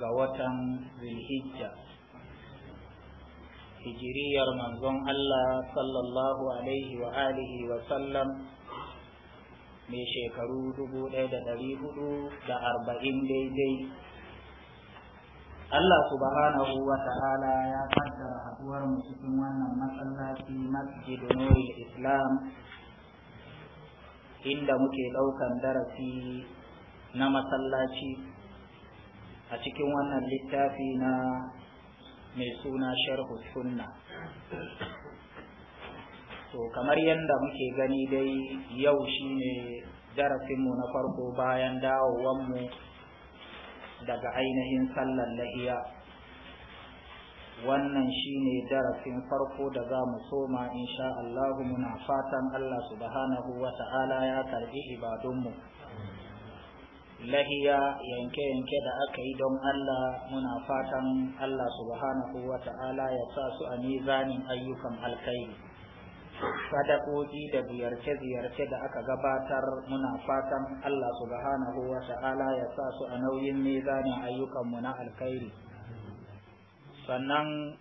ga watan Zulhijja. Hijiriyar manzon Allah sallallahu Alaihi wa alihi wa sallam mai shekaru dubu ɗaya da ɗari hudu da arba'in daidai. Allah subhanahu wa ta'ala ya kaddara haduwar mu cikin wannan masallaci masjid nurul Islam inda muke ɗaukan darasi na masallaci a cikin wannan littafi na mai suna sharhu sunna to kamar yadda muke gani dai yau shine darasinmu na farko bayan dawowanmu daga ainihin sallar lahiya wannan shine darasin farko da za mu soma insha Allahu muna fatan Allah subhanahu wa ta'ala ya karbi ibadunmu. lahiya yanke-yanke da aka yi don Allah muna fatan Allah subhanahu wa ta'ala ya sa su a nizanin ayyukan alkhairi sadakoki da ziyarce-ziyarce da aka gabatar muna fatan Allah subhanahu wa ta'ala ya sa su a nauyin nizanin ayyukanmu na alkhairi sannan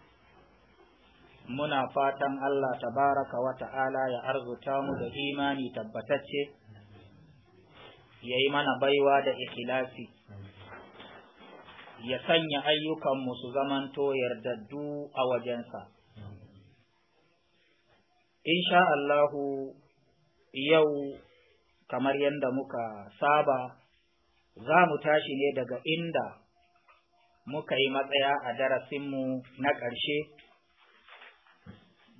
muna fatan Allah tabaraka wa ta'ala ya arzuta mu da imani tabbatacce ya yi mana baiwa da ikilasi. ya sanya ayyukanmu su zamanto yardaddu a wajensa. Insha Allahu yau kamar yadda muka saba za mu tashi ne daga inda muka yi matsaya a darasinmu na ƙarshe.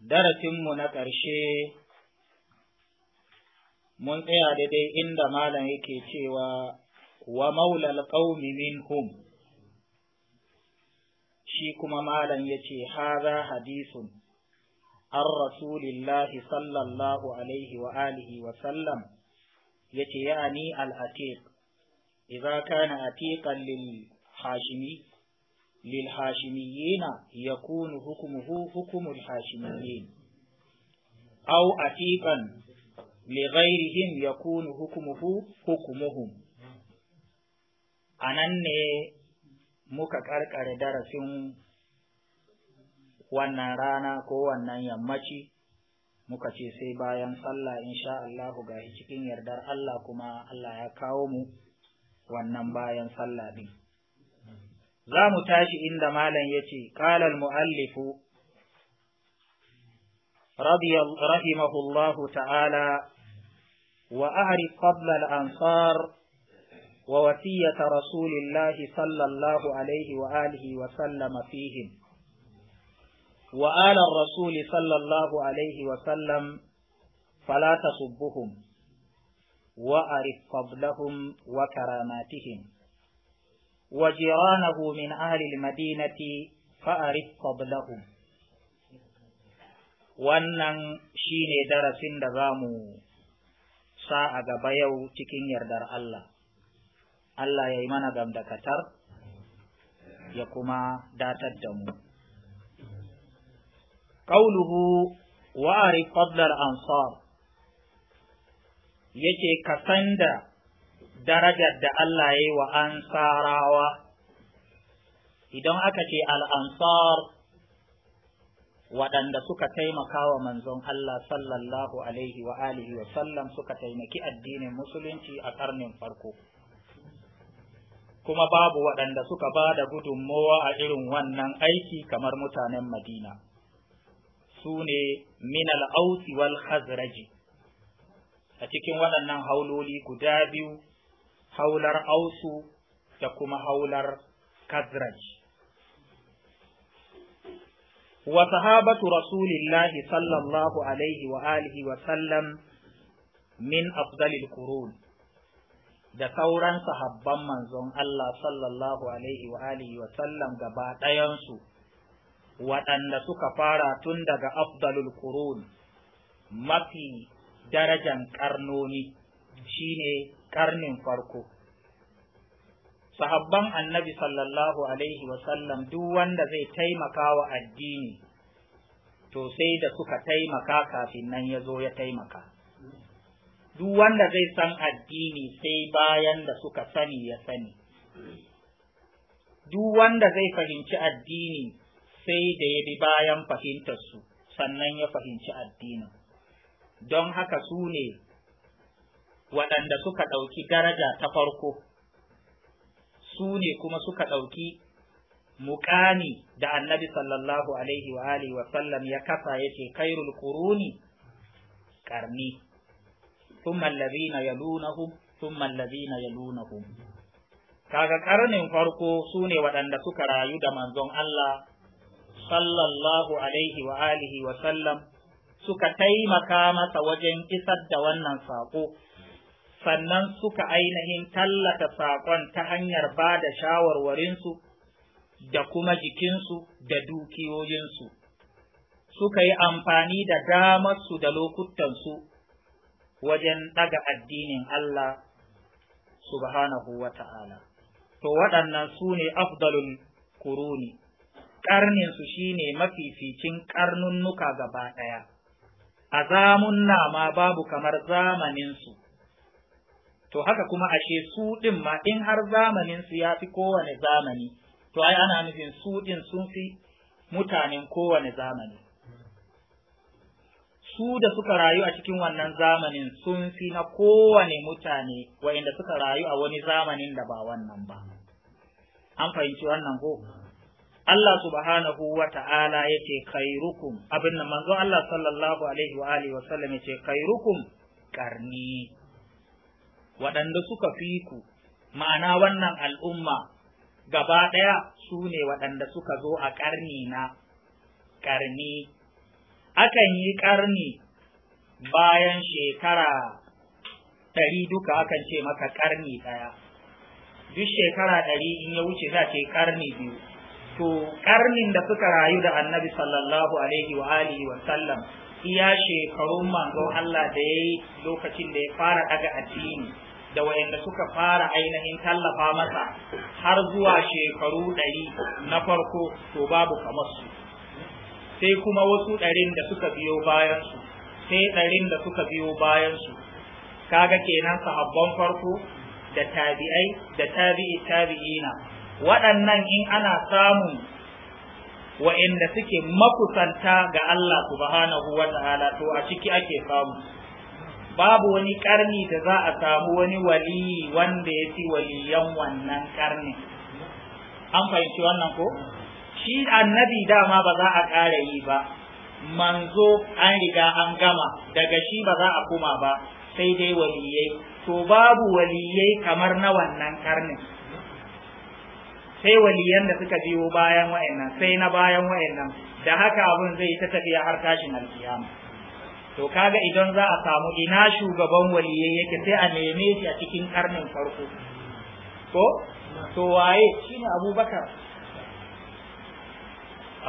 Darasinmu na ƙarshe mun tsaya daidai inda malam yake cewa wa maulal qaumi minhum shi kuma malam yace haza hadisun an rasulillahi sallallahu alaihi wa alihi wa sallam yace ya'ani al-atiq idza kana atiqan lil hashimi lil hashimiyina yakunu hukmuhu hukmul hashimiyin Au atiqan lighairihim yakunu hukumuhu hukumuhum anan ne muka karkare darasin wannan rana ko wannan yammaci muka ce sai bayan sallah insha Allah ga cikin yardar Allah kuma Allah ya kawo mu wannan bayan sallah din za mu tashi inda malam yace qala al muallifu رضي ta'ala وأعرف قبل الأنصار ووصية رسول الله صلى الله عليه وآله وسلم فيهم وآل الرسول صلى الله عليه وسلم فلا تصبهم وأعرف فضلهم وكراماتهم وجيرانه من أهل المدينة فأعرف فضلهم wannan shine darasin da za mu sa a gaba yau cikin yardar Allah Allah ya yi mana gamdakatar ya kuma datar da mu ƙauluhu wa'ari fadlar ansar yake kasan da darajar da Allah ya yi wa ansarawa idan aka ce al'ansar waɗanda suka taimaka wa manzon Allah sallallahu alaihi wa alihi wa sallam suka taimaki addinin musulunci a ƙarnin farko kuma babu waɗanda suka ba da gudunmowa a irin wannan aiki kamar mutanen madina su ne minal ausi wal khazraji a cikin waɗannan hauloli guda biyu haular ausu da kuma haular khazraji wa sahabatu rasulillahi sallallahu alaihi wa alihi wa sallam min afdalil qurun da sauran sahabban manzon Allah sallallahu alaihi wa alihi wa sallam gaba ɗayansu waɗanda suka fara tun daga afdalul qurun mafi darajan ƙarnoni shine ƙarnin farko sahabban annabi sallallahu alaihi wasallam duk wanda zai taimaka wa addini to sai da suka taimaka kafin nan ya zo ya taimaka duk wanda zai san addini sai bayan da suka sani ya sani duk wanda zai fahimci addini sai da ya bi bayan fahimtarsu sannan ya fahimci addini. don haka su ne waɗanda suka ɗauki daraja ta farko su ne kuma suka ɗauki muƙani da annabi sallallahu alaihi wa alihi wa sallam ya kafa yace kairul quruni karni thumma alladhina yalunahum thumma alladhina yalunahum kaga karnin farko sune waɗanda suka rayu da manzon Allah sallallahu alaihi wa alihi wa sallam suka taimaka masa wajen isar da wannan saƙo. sannan suka ainihin tallata saƙon ta hanyar ba da shawarwarinsu da kuma jikinsu da dukiyoyinsu suka yi amfani da damarsu da lokutansu wajen ɗaga addinin Allah subhanahu wa ta'ala. To waɗannan su ne afdalul kuruni, ƙarninsu shi ne mafificin ƙarnunnuka gaba ɗaya, a zamunna ma babu kamar zamaninsu. to haka kuma ashe su ɗin ma in har zamanin su ya fi kowane zamani to ai ana nufin su ɗin sun fi mutanen kowane zamani su da suka rayu a cikin wannan zamanin sun fi na kowane mutane wa'inda suka rayu a wani zamanin da ba wannan ba an fahimci wannan ko Allah subhanahu wa ta'ala ya ce abin nan manzo Allah sallallahu alaihi wa alihi wa sallam ya ce khairukum karni waɗanda suka fi ku ma'ana wannan al'umma gaba ɗaya su ne waɗanda suka zo a ƙarni na ƙarni akan yi ƙarni bayan shekara ɗari duka akan ce maka ƙarni ɗaya duk shekara ɗari in ya wuce za ce ƙarni biyu to ƙarnin da suka rayu da annabi sallallahu alaihi wa alihi wa sallam iya shekarun manzon Allah da ya yi lokacin da ya fara daga addini da wayanda suka fara ainihin tallafa masa har zuwa shekaru ɗari na farko to babu kamar su sai kuma wasu ɗarin da suka biyo bayan su sai ɗarin da suka biyo bayan su kaga kenan sahabban farko da tabi'ai da tabi'i tabi'ina waɗannan in ana samun wa'inda suke makusanta ga Allah subhanahu wa ta'ala to a ciki ake samu babu wani karni da za a samu wani wali wanda ya ci waliyan wannan karni an fahimci wannan ko shi annabi dama ba za a ƙara yi ba manzo an riga an gama daga shi ba za a kuma ba sai dai waliyai to babu waliyai kamar na wannan karnin sai waliyan da suka biyo bayan wa'annan sai na bayan wa'annan da haka abin zai ta tafiya har tashin alkiyama to kaga idan za a samu ina shugaban waliye yake sai a neme shi a cikin karnin farko ko to waye shine abubakar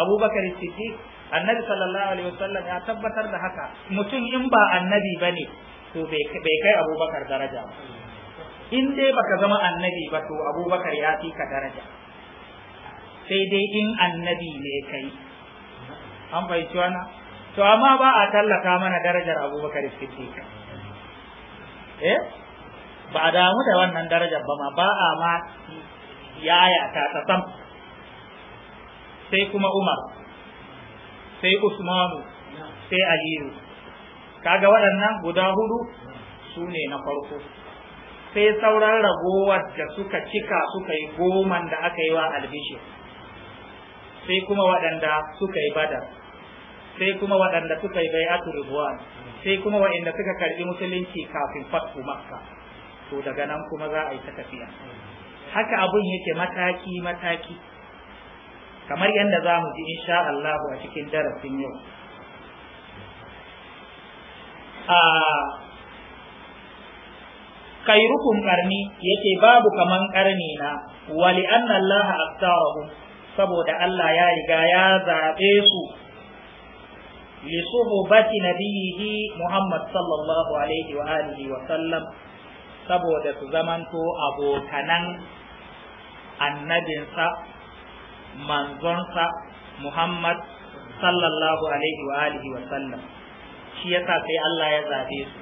abubakar siddiq annabi sallallahu alaihi wasallam ya tabbatar da haka mutum in ba annabi bane to bai kai abubakar daraja in dai baka zama annabi ba to abubakar ya fi ka daraja sai dai in annabi ne kai an fahimci wannan to amma ba a tallaka mana darajar abubakar siddiq eh ba a damu da wannan darajar ba ma ba a ma yaya ta sai kuma umar sai usmanu sai aliyu kaga waɗannan guda hudu su ne na farko sai sauran ragowar da suka cika suka yi goman da aka yi wa albishi sai kuma waɗanda suka yi badar sai kuma waɗanda suka yi bai'atu ridwan sai kuma waɗanda suka karɓi musulunci kafin fatu makka to daga nan kuma za a yi ta tafiya haka abun yake mataki mataki kamar yadda za mu ji insha Allah a cikin darasin yau a rukun karni yake babu kaman karni na wali anna astarahu saboda Allah ya riga ya zaɓe su lisuhubati nabiyihi Muhammad sallallahu alaihi wa alihi wa sallam saboda su zamanto abokanan annabinsa manzonsa Muhammad sallallahu alaihi wa alihi wa sallam shi yasa sai Allah ya zabe su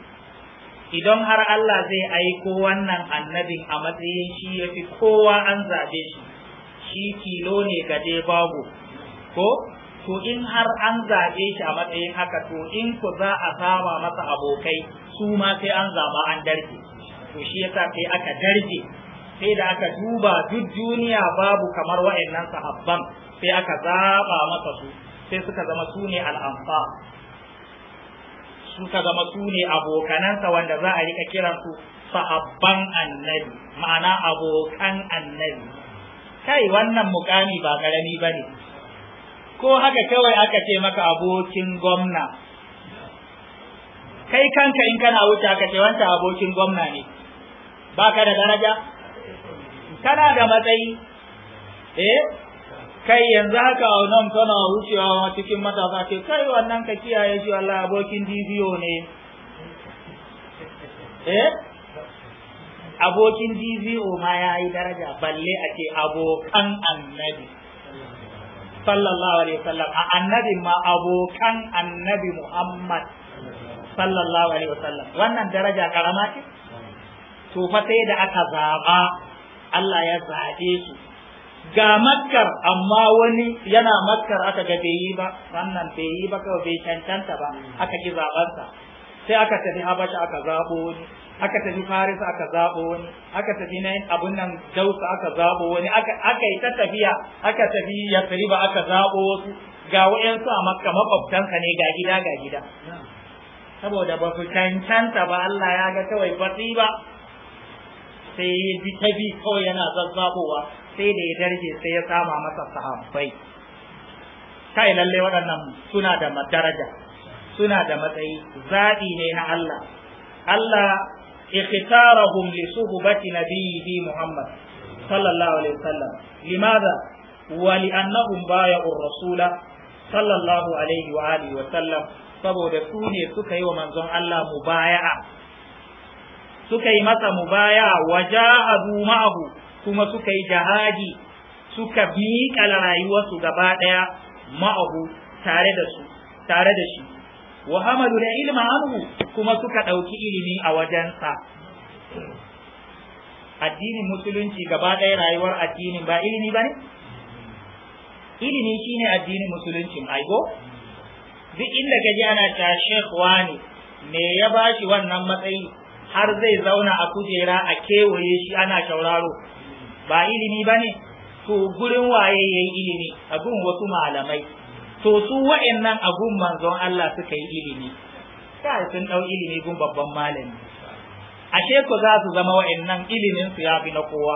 idan har Allah zai aiko wannan annabin a matsayin shi ya fi kowa an zabe shi shi tilo ne gaje babu ko to in har an zaɓe shi a matsayin haka to in ku za a zama masa abokai su ma sai an zama an darke to shi yasa sai aka darke sai da aka duba duk duniya babu kamar wa'annan sahabban sai aka zaɓa masa su sai suka zama su ne al'amfa suka zama su ne abokanansa wanda za a rika kiransu sahabban annabi ma'ana abokan annabi kai wannan mukami ba ƙarami ba ne ko haka kawai aka ce maka abokin gwamna kai kanka in kana wuce aka ce wanta abokin gwamna ne ba ka da daraja kana da matsayi eh kai yanzu haka a nan tana wucewa cikin matasa ce kai wannan ka kiyaye shi Allah abokin dibiyo ne eh abokin dibiyo ma ya yi daraja balle ake abokan annabi sallallahu alaihi wasallam a annabi ma abokan annabi Muhammad sallallahu alaihi wasallam wannan daraja karama ce to fa sai da aka zaba Allah ya zabe su ga makkar amma wani yana makkar aka ga bai yi ba wannan bai yi ba kawai bai cancanta ba aka ki zabansa sai aka tafi habasha aka zabo wani aka tafi faris aka zaɓo wani aka tafi na abun nan dausa aka zaɓo wani aka yi ta tafiya aka tafi yasriba aka zaɓo wasu ga wa'yansu a makka ne ga gida ga gida saboda ba su cancanta ba Allah ya ga kawai batsi ba sai ya bi ta bi kawai yana zazzabowa sai da ya darje sai ya sama masa sahabbai kai lalle waɗannan suna da daraja suna da matsayi zaɓi ne na Allah Allah اختارهم لصحبة نبيه محمد صلى الله عليه وسلم لماذا؟ ولأنهم بايعوا الرسول صلى الله عليه وآله وسلم saboda su ne suka yi wa manzon Allah mubaya'a suka yi masa mubaya'a wa jahadu ma'ahu kuma suka yi suka miƙa rayuwarsu gaba ɗaya ma'ahu tare da su tare da shi wa da ilma anhu kuma suka ɗauki ilimi a wajensa addinin musulunci gaba ɗaya rayuwar addinin ba ilimi bane ilimi shine addinin musuluncin aigo duk inda gaji ana ta sheikh wani me ya bashi wannan matsayi har zai zauna a kujera a kewaye shi ana shauraro ba ilimi bane to gurin waye yayi ilimi a gun wasu malamai to su wa'annan a manzon Allah suka yi ilimi sai sun dau ilimi gun babban malami ashe ko za su zama wa'annan ilimin su ya fi na kowa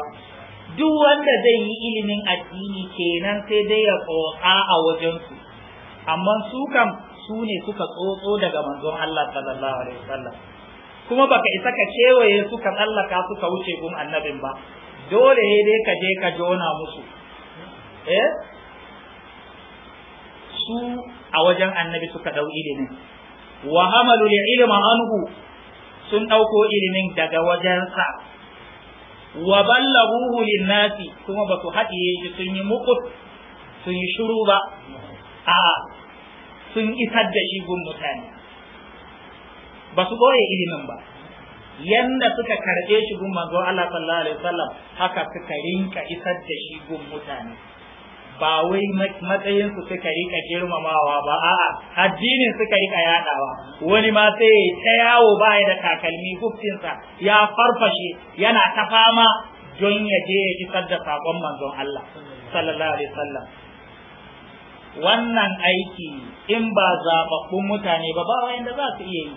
duk wanda zai yi ilimin addini kenan sai dai ya tsotsa a wajen su amma su kam su ne suka tsotso daga manzon Allah sallallahu alaihi wasallam kuma baka isa ka kewaye su ka tsallaka su ka wuce gun annabin ba dole ne dai ka je ka jona musu eh su a wajen annabi suka ɗau ilimin wa hamalu ilma anhu sun ɗauko ilimin daga wajensa wa lin linnasi kuma ba su haɗiye shi sun yi mukut sun yi shuru ba a sun isar da shi gun mutane ba su ɓoye ilimin ba yanda suka karɓe shi gun manzo Allah sallallahu alaihi wasallam haka suka rinka isar da shi gun mutane ba wai matsayin su suka rika girmamawa ba a'a addinin suka rika yadawa wani ma sai ya ta yawo baya da takalmi huftinsa ya farfashe yana ta fama don ya je ya isar da sakon manzon Allah sallallahu alaihi wasallam wannan aiki in ba zababbun mutane ba ba wanda za su iya yi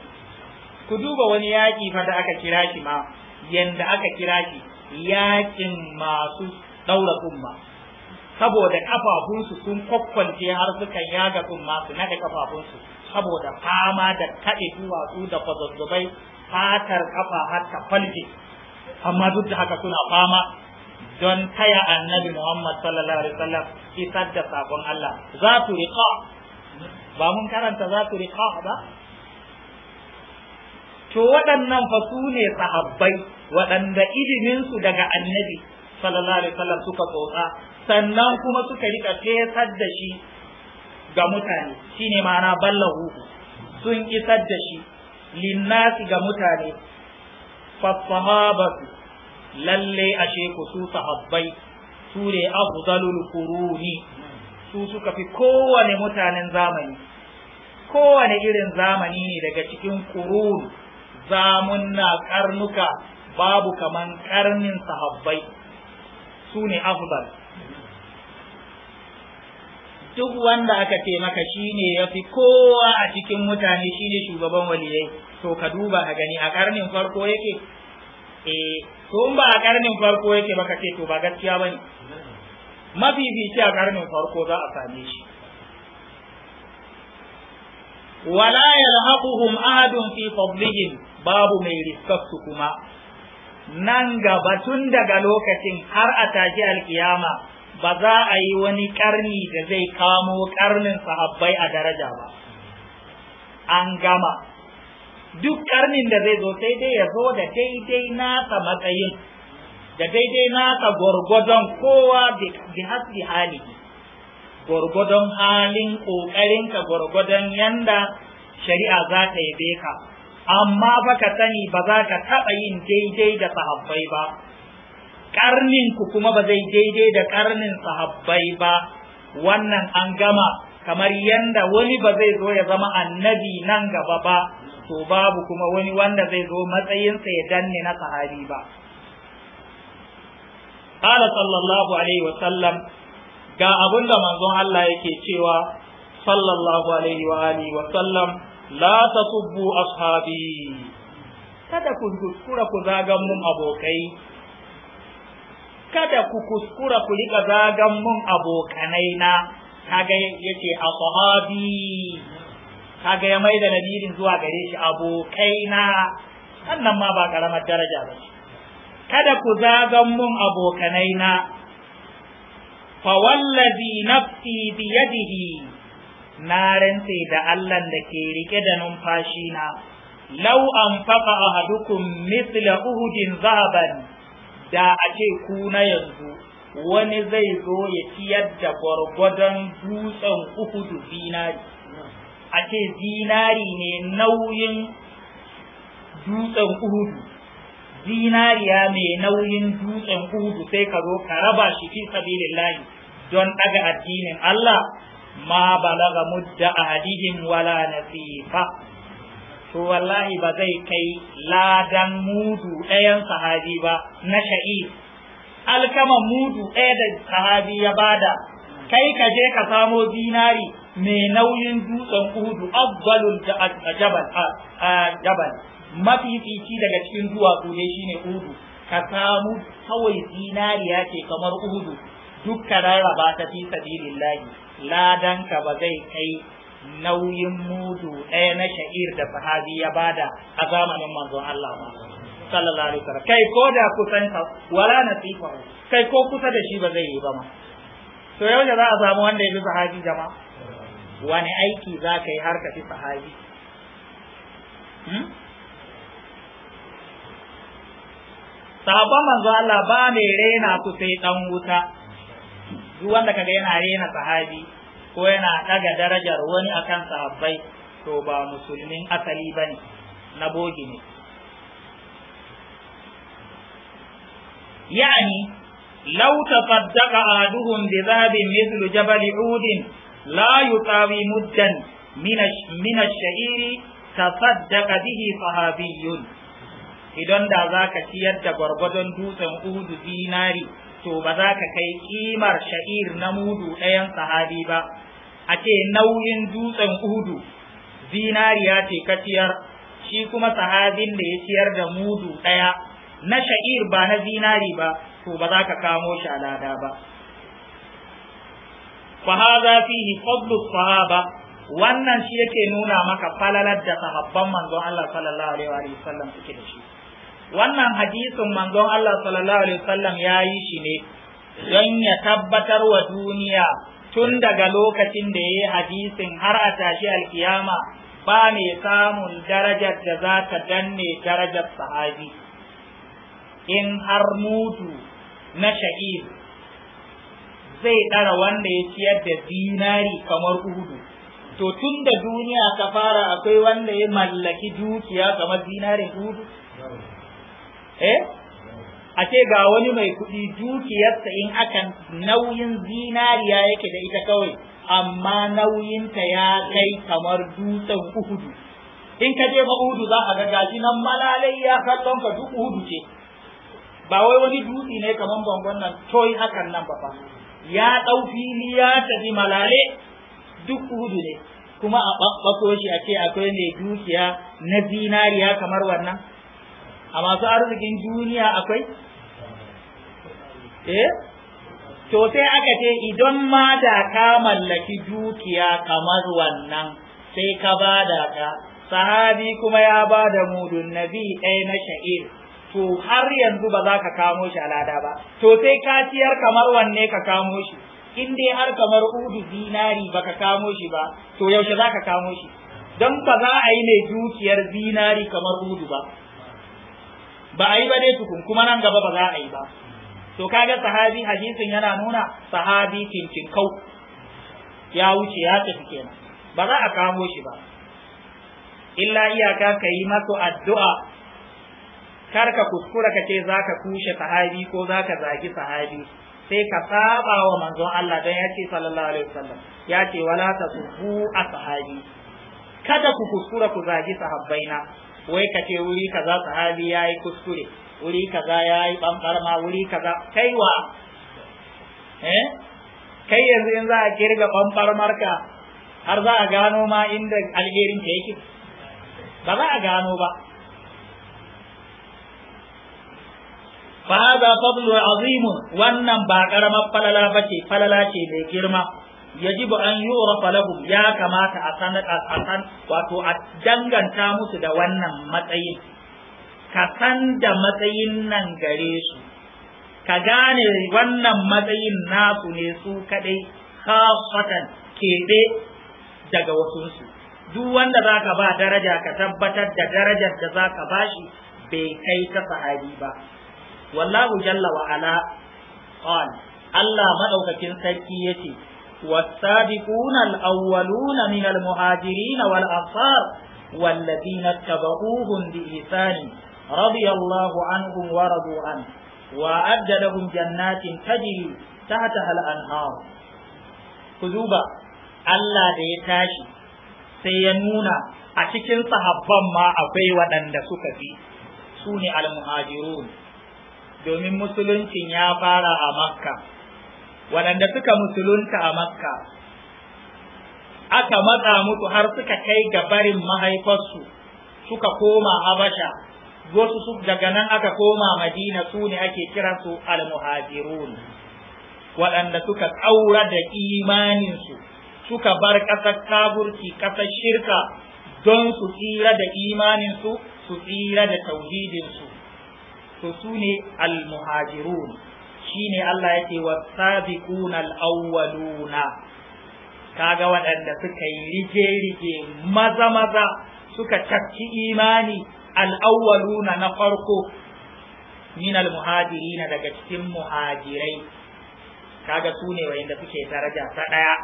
ku duba wani yaƙi fa da aka kira shi ma yanda aka kira shi yaƙin masu ɗaura umma saboda kafafunsu sun kwakwance har suka yaga tsumma su nade kafafunsu saboda fama da kaɗe duwatsu da kwazazzubai fatar kafa har ta falke amma duk da haka suna fama don taya annabi Muhammad sallallahu alaihi wasallam isar da sakon Allah za su riqa ba mun karanta za su riqa ba to waɗannan fa su ne sahabbai waɗanda iliminsu daga annabi sallallahu alaihi wasallam suka tsotsa sannan kuma suka rika fesar da shi ga mutane shine ma'ana ballahu sun isar da shi linnasi ga mutane fasahabatu lalle ashe ku su sahabbai su ne afdalul quruni su suka fi kowane mutanen zamani kowane irin zamani ne daga cikin zamun zamunna karnuka babu kaman karnin sahabbai su ne afdal duk wanda aka ce maka shine yafi kowa a cikin mutane shine shugaban waliyai to ka duba a gani a karnin farko yake eh to in ba a karnin farko yake ka ce to ba gaskiya ba Mafi mafifici a karnin farko za a same shi wala yalhaquhum ahadun fi fadlihim babu mai riskatsu kuma nan gaba tun daga lokacin har a tashi alkiyama ba za a yi wani karni da zai kamo karnin sahabbai a daraja ba an gama duk karnin da zai zo sai dai ya zo da daidai nasa matsayin da daidai nasa gwargwadon kowa bi hasbi halihi gwargwadon halin ƙoƙarinka gwargwadon yanda shari'a za ta yabe ka amma baka sani ba za ka taɓa yin daidai da sahabbai ba karnin ku kuma ba zai daidai da karnin sahabbai ba wannan an gama kamar yadda wani ba zai zo ya zama annabi nan gaba ba to babu kuma wani wanda zai zo matsayinsa ya danne na sahari ba qala sallallahu alaihi wa sallam ga abinda manzon Allah yake cewa sallallahu alaihi wa alihi wa sallam la tasubbu ashabi kada ku kuskura ku zagan mun abokai kada ku kuskura ku riƙa zagan mun abokanai na kaga yace ashabi kaga ya maida nabirin zuwa gare shi abokai na wannan ma ba karamar daraja ba kada ku zagan mun abokanai na fa wallazi nafsi bi na rantse da Allah da ke rike da numfashi na law anfaqa ahadukum mithla uhudin zahaban da a ce ku na yanzu wani zai zo ya ciyar da gwargwadon dutsen uhudu zinari a ce zinari ne nauyin dutsen uhudu zinariya mai nauyin dutsen uhudu sai ka zo ka raba shi fi sabilillahi don daga addinin Allah ma balaga mudda hadihin wala nasifa to wallahi ba zai kai ladan mudu ɗayan sahabi ba na sha'i alkama mudu ɗaya da sahabi ya bada kai ka je ka samo zinari mai nauyin dutsen uhudu a jabal jabal fici daga cikin duwatsu ne shine uhudu ka samu kawai zinariya ce kamar uhudu duk ka rarraba ta fi sabilillahi ladan ka ba zai kai nauyin mudu ɗaya na sha'ir da sahabi ya bada a zamanin manzon Allah ba sallallahu alaihi wasallam kai ko da kusan ka wala nasifa kai ko kusa da shi ba zai yi ba ma to yau da za a samu wanda ya bi sahabi jama'a wani aiki za ka yi har ka fi sahabi hmm? sahabban manzo Allah ba mai rena ku sai dan wuta duk wanda kaga yana rena sahabi ko yana ɗaga darajar wani akan sahabbai to ba musulmin asali ba ne na bogi ne yani lau tasaddaqa ahaduhum bi dhahabin mithlu jabal udin la yutawi muddan min ash-sha'iri tasaddaqa bihi sahabiyyun idan da zaka ciyar da gwargwadon dutsen udu dinari to ba za ka kai kimar sha'ir na mudu ɗayan sahabi ba a ce nauyin dutsen hudu zinariya ce ka shi kuma sahabin da ya ciyar da mudu ɗaya na sha'ir ba na zinari ba to ba za ka kamo shi a lada ba fahaza fihi fadlu sahaba wannan shi yake nuna maka falalar da sahabban manzon Allah sallallahu alaihi wa sallam suke da shi wannan hadisin manzon Allah sallallahu alaihi wa sallam ya yi shi ne don ya tabbatar wa duniya tun daga lokacin da ya yi hadisin har a tashi alkiyama ba mai samun darajar da za ta danne darajar sahabi in har mutu na sha'ir zai ɗara wanda ya ciyar da zinari kamar udu to tun da duniya ka fara akwai wanda ya mallaki dukiya kamar zinarin udu eh a ce ga wani mai kuɗi dukiyarsa in akan nauyin zinariya yake da ita kawai amma nauyinta ya kai kamar dutsen uhudu in ka je uhudu za a ga gashi nan malalai ya kallon ka duk uhudu ce ba wai wani dutsi ne kamar bangon nan toyi hakan nan ba fa ya ɗau fili ya tafi malale duk uhudu ne kuma a ɓaɓɓako shi a ce akwai ne dukiya na zinariya kamar wannan a masu arzikin duniya akwai eh to sai aka ce idan ma ta ka mallaki dukiya kamar wannan sai ka ba da ka sahabi kuma ya ba da mudun nabi ɗaya na sha'ir to har yanzu ba za ka kamo shi alada ba to sai ka ciyar kamar wanne ka kamo shi in dai har kamar udu zinari ka kamo shi ba to yaushe za ka kamo shi don ba za a yi mai dukiyar zinari kamar udu ba ba a yi ba dai tukun kuma nan gaba ba za a yi ba to kaga sahabi hadisin yana nuna sahabi kinkin kau ya wuce ya tafi kenan ba za a kamo shi ba illa iyaka ka yi masu addu'a kar ka kuskura ka ce za ka kushe sahabi ko za ka zagi sahabi sai ka saba wa manzon Allah don ya ce sallallahu alaihi wasallam ya ce wala ta a sahabi kada ku kuskura ku zagi sahabbaina wai ka ce wuri kaza sahabi ya yi kuskure wuri kaza ya yi ɓanɓarma wuri kaza kai wa eh? kai yanzu in za a kirga ka har za a gano ma inda alherin ta yake ba za a gano ba fa hada fadlu azim wannan ba karamar falala bace falala ce mai girma yajib an yu'rafa lahum ya kamata a san a san wato a danganta musu da wannan matsayin ka san da matsayin nan gare su ka gane wannan matsayin nasu ne su kadai khafatan keɓe daga wasunsu duk wanda zaka ba daraja ka tabbatar da darajar da za ka ba shi bai kai ta sahabi ba wallahu jalla wa ala qala Allah madaukakin sarki yace والسابقون الأولون من المهاجرين والأنصار والذين اتبعوهم بإحسان رضي الله عنهم ورضوا عنه وأعد لهم جنات تجري تحتها الأنهار كذوبا Allah da ya tashi sai ya nuna a cikin sahabban ma akwai waɗanda suka fi su ne almuhajirun domin musuluncin ya fara a makka waɗanda suka musulunta a makka aka matsa musu har suka kai ga barin mahaifarsu suka koma habasha wasu su daga nan aka koma madina su ne ake kiransu almuhajirun waɗanda suka ƙaura da imaninsu suka bar ƙasar kaburki ƙasar shirka don su tsira da imaninsu su tsira da tauhidinsu to su ne almuhajirun shine Allah yake wasabiquna al-awwaluna kaga waɗanda suka yi rige rige maza maza suka tafki imani al-awwaluna na farko min al-muhajirin daga cikin muhajirai kaga su ne wayanda suke daraja ta daya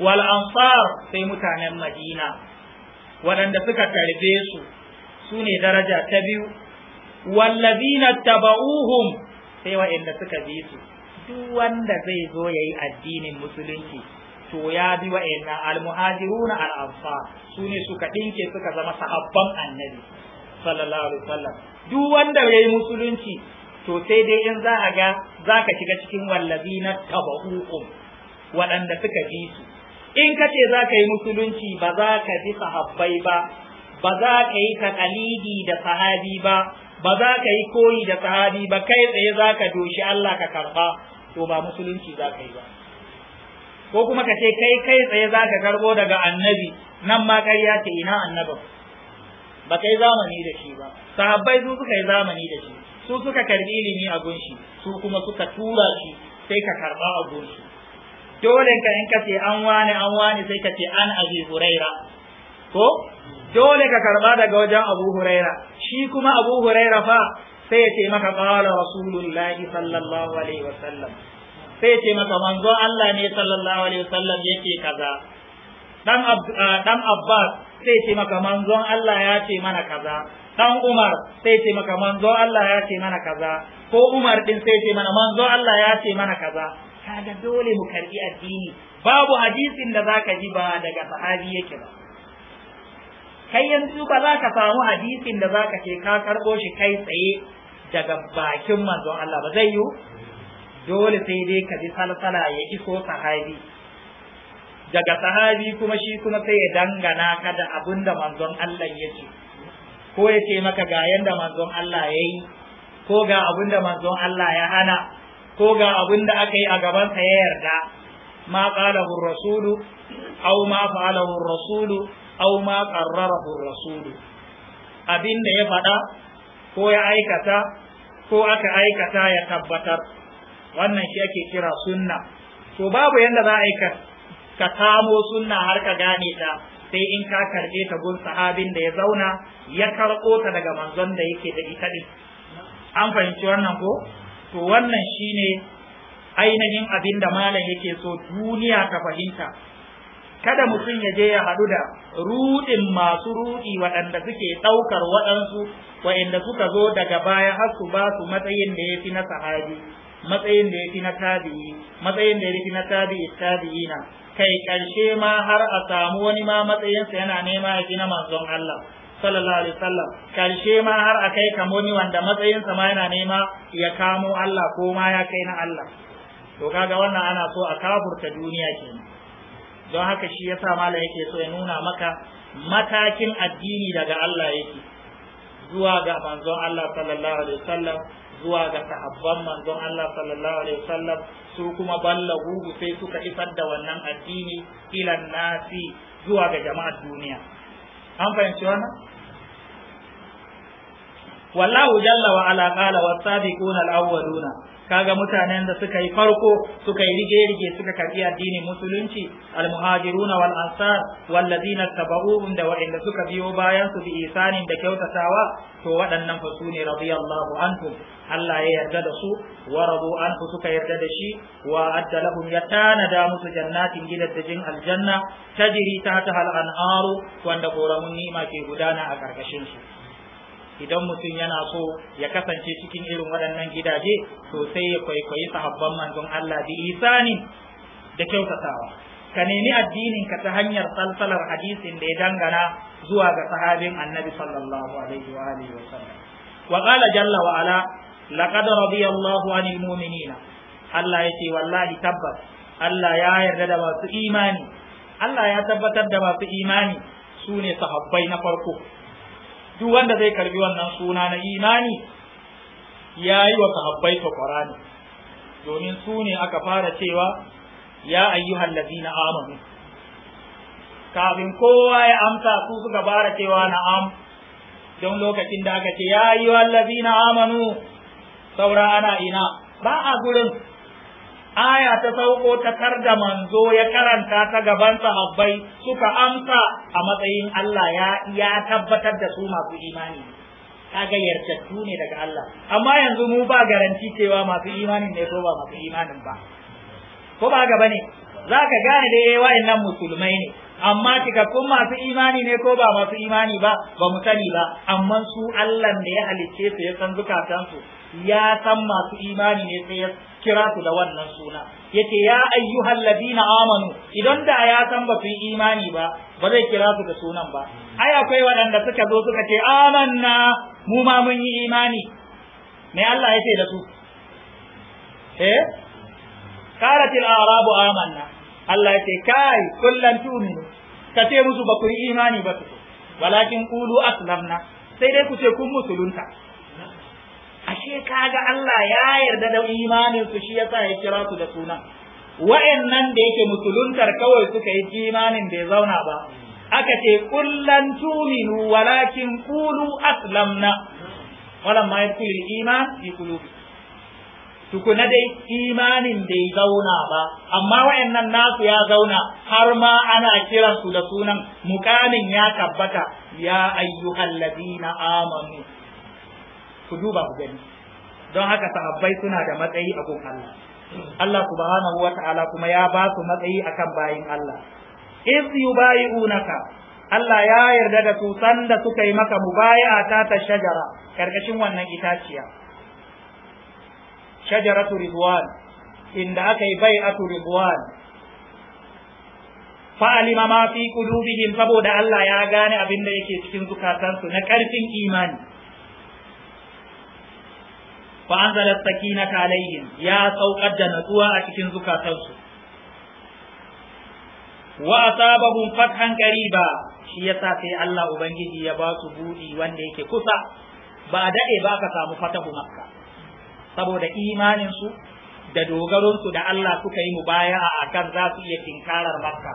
wal ansar sai mutanen madina waɗanda suka tarbe su su ne daraja ta biyu wallazina taba'uhum sai wa'anda suka bi su duk wanda zai zo yayi addinin musulunci to ya bi wa'anda almuhajiruna al-ansar su ne suka dinke suka zama sahabban annabi sallallahu alaihi wasallam duk wanda yayi musulunci to sai dai in za a ga zaka shiga cikin wallazina tabauhum waɗanda suka bi su in ka ce za ka yi musulunci ba za ka bi sahabbai ba ba za ka yi takalidi da sahabi ba ba za ka yi koyi da sahabi ba kai tsaye za ka doshi Allah ka karba to ba musulunci za ka yi ba ko kuma ka ce kai kai tsaye za ka karbo daga annabi nan ma ƙarya ce ina annabin ba kai zamani da shi ba sahabbai su suka yi zamani da shi su suka karbi ilimi a gunshi su kuma suka tura shi sai ka karba a gunshi dole ka in ka ce an wani an wani sai ka ce an abi huraira ko dole ka karba daga wajen abu huraira shi kuma abu huraira fa sai ya ce maka qala rasulullahi sallallahu alaihi wasallam sai ya ce maka manzo Allah ne sallallahu alaihi wasallam yake kaza dan ah, dan Abbas sai ce maka manzon Allah ya ce mana kaza dan Umar sai ce maka manzo Allah ya ce mana kaza ko Umar din sai ce mana manzo Allah ya ce mana kaza kaga dole mu karbi addini babu hadisin da zaka ji ba daga sahabi yake ba kai yanzu ba za ka samu hadisin da za ka ce ka karɓo shi kai tsaye daga bakin manzon Allah ba zai yi dole sai dai ka ji salsala ya iso sahabi daga sahabi kuma shi kuma sai ya dangana ka da abin da manzon Allah ya ce ko ya ce maka ga yanda manzon Allah ya yi ko ga abin da manzon Allah ya hana ko ga abin da aka yi a gabansa ya yarda ma qalahu rasulu aw ma fa'alahu rasulu aw ma qarrarahu rasulu abin da ya faɗa ko ya aikata ko aka aikata ya tabbatar wannan shi ake kira sunna to babu yanda za a yi ka samo sunna har ka gane ta sai in ka karɓe ta gun sahabin da ya zauna ya karɓo ta daga manzon da yake da ita ɗin an fahimci wannan ko to wannan shine ainihin abin da malam yake so duniya ta fahimta kada mutum ya je ya haɗu da ruɗin masu ruɗi waɗanda suke ɗaukar waɗansu waɗanda suka zo daga baya har su ba su matsayin da ya fi na sahabi matsayin da ya fi na tabi'i matsayin da ya fi na tabi'i tabi'ina kai ƙarshe ma har a samu wani ma matsayinsa yana nema ya fi na manzon Allah sallallahu alaihi wasallam ƙarshe ma har a kai kamoni wanda matsayinsa ma yana nema ya kamo Allah ko ma ya kai na Allah to kaga wannan ana so a kafurta duniya kenan don haka shi yasa mala yake so ya nuna maka matakin addini daga Allah yake zuwa ga manzon Allah sallallahu alaihi wasallam zuwa ga sahabban manzon Allah sallallahu alaihi wasallam su kuma ballagu sai suka isar da wannan addini ilan nasi zuwa ga jama'ar duniya an fahimci wannan wallahu jalla wa ala qala wasabiquna alawwaluna kaga mutanen da suka yi farko suka yi rige rige suka karbi addinin musulunci al-muhajiruna, wal ansar walladina tabauhum da wa'inda suka biyo bayan su bi isanin da kyautatawa to waɗannan fa sune radiyallahu anhum Allah ya yarda da su wa radu anhu suka yarda da shi wa adda lahum ya tanada musu jannatin gidan da jin aljanna tajri ta ta hal anharu wanda koramun nima ke gudana a karkashin su idan mutum yana so ya kasance cikin irin waɗannan gidaje to sai ya kwaikwayi sahabban manzon Allah bi isani da kyautatawa ka nemi addinin ka ta hanyar salsalar hadisin da ya dangana zuwa ga sahabin annabi sallallahu alaihi wa alihi wa sallam wa qala jalla wa ala laqad radiyallahu anil mu'minina Allah yace wallahi tabbas Allah ya yarda da masu imani Allah ya tabbatar da masu imani sune sahabbai na farko duk wanda zai karbi wannan suna na imani ya yi wa sahabbai ta Qur'ani domin su ne aka fara cewa ya ayyuhan na amanu kafin kowa ya amsa su suka fara cewa na'am don lokacin da aka ce ya ayyuhan na amanu saura ana ina ba a gurin aya ta sauko ta da manzo ya karanta ta gaban sahabbai suka amsa a matsayin Allah ya ya tabbatar da su masu imani kaga yardattu ne daga Allah amma yanzu mu ba garanti cewa masu imanin ne ko ba masu imanin ba ko ba ga bane ka gane da yayi nan musulmai ne amma cikakkun masu imani ne ko ba masu imani ba ba mu sani ba amma su Allah ne ya halicce su ya san zukatansu ya san masu imani ne sai ya kira su da wannan suna yace ya ayyuhal ladina amanu idan da ya san ba su imani ba ba zai kira su da sunan ba ai akwai waɗanda suka zo suka ce amanna mu ma mun yi imani me Allah ya ce da su eh qalatil a'rabu amanna Allah ya ce kai kullan tu'minu ce musu ba ku yi imani ba su walakin qulu aslamna sai dai ku ce kun musulunta ashe kaga Allah ya yarda da imanin su shi yasa ya kira su da suna wa'annan da yake musuluntar kawai suka yi imanin bai zauna ba aka ce kullan tuminu walakin qulu aslamna walam ma yakul iman fi qulubi tukuna dai imanin bai zauna ba amma wa'annan nasu ya zauna har ma ana su da sunan mukamin ya tabbata ya na amanu ku duba ku gani don haka sahabbai suna da matsayi a gun Allah Allah subhanahu wa ta'ala kuma ya ba su matsayi akan bayin Allah iz yubayunaka Allah ya yarda da su sanda suka yi maka mubayi'a ta ta shajara karkashin wannan itaciya shajaratu ridwan inda aka yi bai'atu ridwan fa'alima ma fi qulubihim saboda Allah ya gane abin da yake cikin zukatansu na karfin imani fa anzala sakinata alaihim ya saukar da natsuwa a cikin zukatansu wa asabahum fathan qariba shi yasa sai Allah ubangiji ya ba su budi wanda yake kusa ba a daɗe ba ka samu fatahu makka saboda imanin su da dogaron su da Allah suka yi mubaya'a akan za su iya tinkarar makka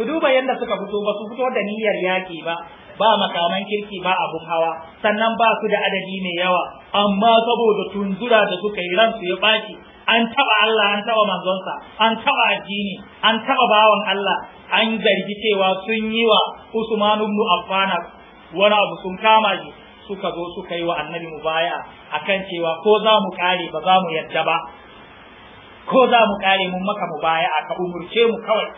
ku duba yadda suka fito ba su fito da niyyar yaki ba ba makaman kirki ba abun hawa sannan ba su da adadi mai yawa amma saboda tunzura da suka yi ransu ya baki an taba Allah an taba manzonsa an taba addini an taba bawan Allah an zargi cewa sun yi wa Usman ibn Affan wani abu sun kama shi suka zo suka yi wa annabi mu baya akan cewa ko za mu kare ba za mu yadda ba ko za mu kare mun maka mu baya aka umurce mu kawai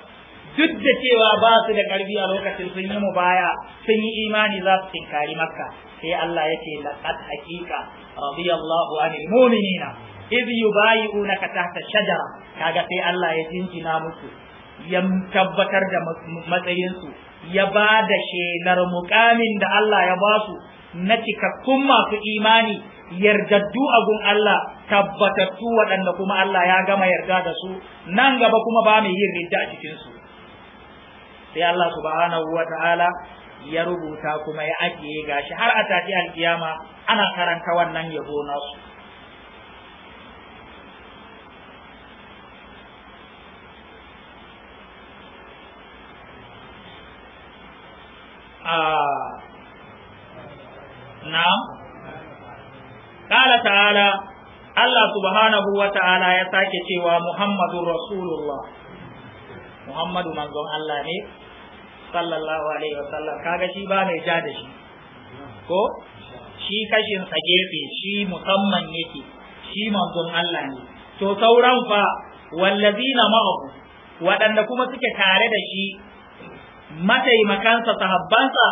duk da cewa ba su da ƙarfi a lokacin sun yi mu baya, sun yi imani za su tinkari makka sai Allah ya ce laqad haqiqa radiyallahu anil mu'minina idh yubayi'unaka tahta shajara kaga sai Allah ya jinjina musu ya tabbatar da matsayinsu ya ba da shelar mukamin da Allah ya ba su na cikakkun masu imani yardaddu a gun Allah tabbatattu waɗanda kuma Allah ya gama yarda da su nan gaba kuma ba mai yin ridda a cikinsu sai Allah subhanahu wa ta'ala ya rubuta kuma ya ajiye gashi har a tafi alkiyama ana karanta wannan yabo nasu ah, na'am qala ta'ala Allah subhanahu wa ta'ala ya sake cewa Muhammadu Rasulullah Muhammadu manzon Allah ne sallallahu alaihi wasallam kaga shi ba mai ja da shi ko shi kashin sa gefe shi musamman yake shi manzon Allah ne to sauran fa wallazina ma'ahu waɗanda kuma suke tare da shi mataimakansa sahabbansa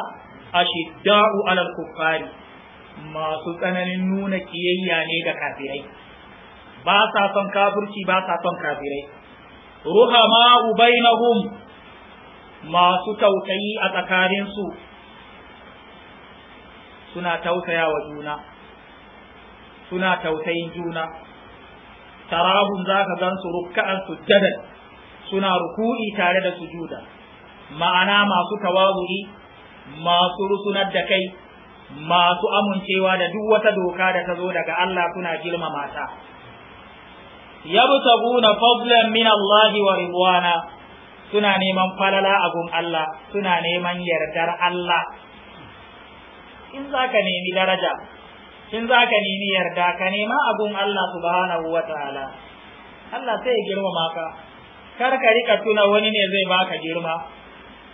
ashidda'u alal kuffari masu tsananin nuna kiyayya ne ga kafirai ba sa son kafirci ba sa son kafirai ruhama bainahum masu tausayi a tsakaninsu suna tausaya wa juna suna tausayin juna tarahun za ka gan su rukka'an sujjadan suna ruku'i tare da sujuda ma'ana masu tawazu'i masu rusunar da kai masu amincewa da duk wata doka da ta zo daga Allah suna girmama ta yabtaguna fadlan min Allah wa ridwana suna neman falala a gun Allah suna neman yardar Allah in za ka nemi daraja in za ka nemi yarda ka nema a gun Allah subhanahu wa ta'ala Allah sai ya girmama ka kar ka rika tuna wani ne zai baka girma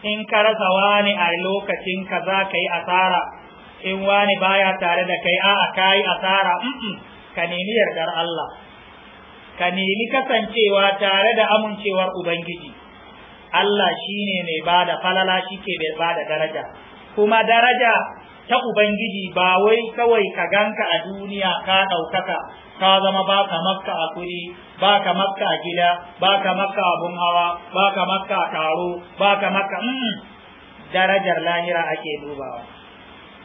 in ka rasa wani a lokacin ka za ka yi asara in wani baya tare da kai a'a ka yi asara ka nemi yardar Allah ka nemi kasancewa tare da amincewar Ubangiji Allah shi ne mai bada falala shi ke mai da daraja kuma daraja ta ubangiji ba wai kawai ka ganka a duniya ka ɗaukaka ka zama ba ka makka a kuri ba ka makka a gida ba ka makka a bun hawa ba ka makka a taro ba ka makka darajar lahira ake dubawa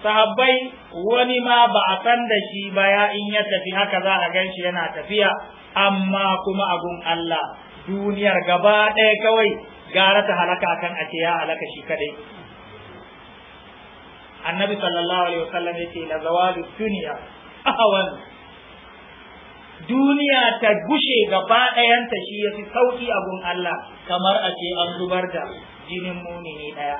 sahabbai wani ma ba a san da shi ba ya in ya tafi haka za a gan shi yana tafiya amma kuma abun Allah duniyar gaba ɗaya kawai gara ta halaka akan a ya halaka shi kadai annabi sallallahu alaihi wasallam yake la zawalu dunya ahwan duniya ta gushe gaba ɗayan ta shi yafi sauki abun Allah kamar a ce an zubar da jinin munini ɗaya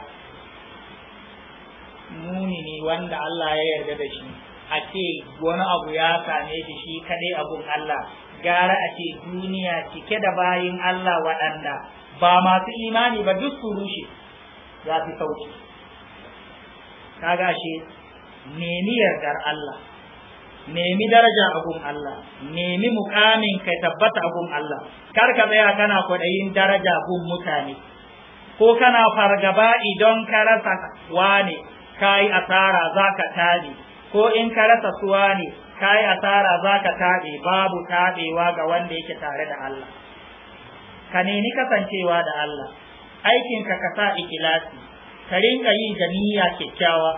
Munini wanda Allah ya yarda da shi a ce wani abu ya same shi shi kaɗai abun Allah gara a ce duniya cike da bayin Allah waɗanda ba masu imani ba duk su rushe Za su sauki ka gashe nemi yardar Allah nemi daraja a Allah nemi mukamin kai tabbata a Allah kar ka tsaya kana kwaɗayin daraja gun mutane ko kana fargaba idan ka rasa wane ka asara za ka ko in ka rasa suwa ne ka asara za ka babu taɓewa ga wanda yake tare da Allah ka nemi kasancewa da Allah aikinka ka sa ikilasi ka rinka yi da niyya kyakkyawa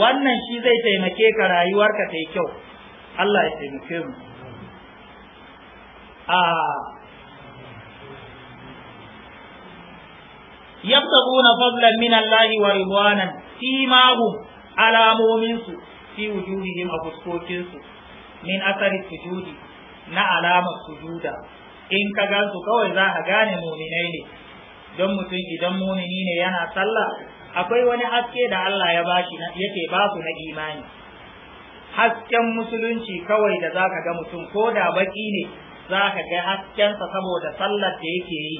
wannan shi zai taimake ka rayuwarka ta yi kyau Allah ya taimake mu a yabtaguna fadlan min Allah wa ridwanan fi ma hum alamomin su fi wujuhihim a fuskokin su min asari sujudi na alamar sujuda in ka su kawai za a gane muminai ne don mutum idan mumini ne yana sallah akwai wani haske da Allah ya bashi yake ba ku na imani hasken musulunci kawai da za ka ga mutum ko da baki ne za ka ga haskensa saboda sallar da yake yi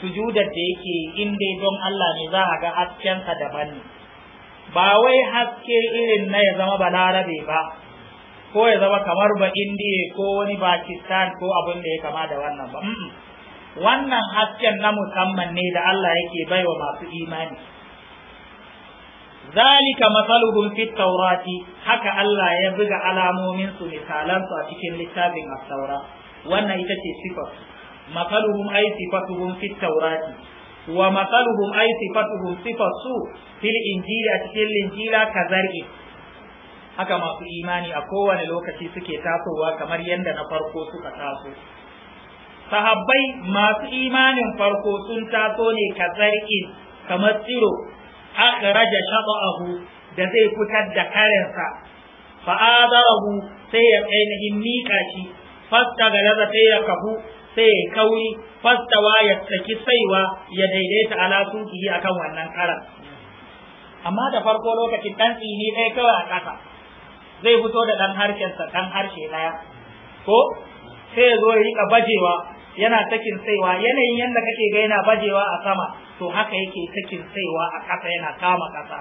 sujudar da yake yi in dai don Allah ne za ka ga haskensa daban ne ba wai haske irin na ya zama balarabe ba ko ya zama kamar ba indiya ko wani pakistan ko abin da ya kama da wannan ba wannan hasken na musamman ne da Allah yake baiwa masu imani zalika masaluhum fit taurati haka Allah ya buga alamomin su misalan su a cikin littafin at-taura wannan ita ce sifar masaluhum ay sifatuhum fit taurati wa masaluhum ay sifatuhum sifatu fil injila a cikin linjila kazar'i haka masu imani a kowane lokaci suke tasowa kamar yadda na farko suka taso sahabbai masu imanin farko sun taso ne ka tsarki kamar tsiro akhraja shata'ahu da zai fitar da karensa a sai ya ainihin mika shi fasta galaza sai ya kahu sai ya kauri fastawa ya saki saiwa ya daidaita ala a kan wannan karan amma da farko lokacin ɗan tsini ɗaya kawai a ƙasa zai fito da ɗan harshensa ɗan harshe ɗaya ko sai ya zo ya riƙa bajewa yana sakin saiwa yanayin yadda kake ga yana bajewa a sama to haka yake sakin saiwa a ƙasa yana kama ƙasa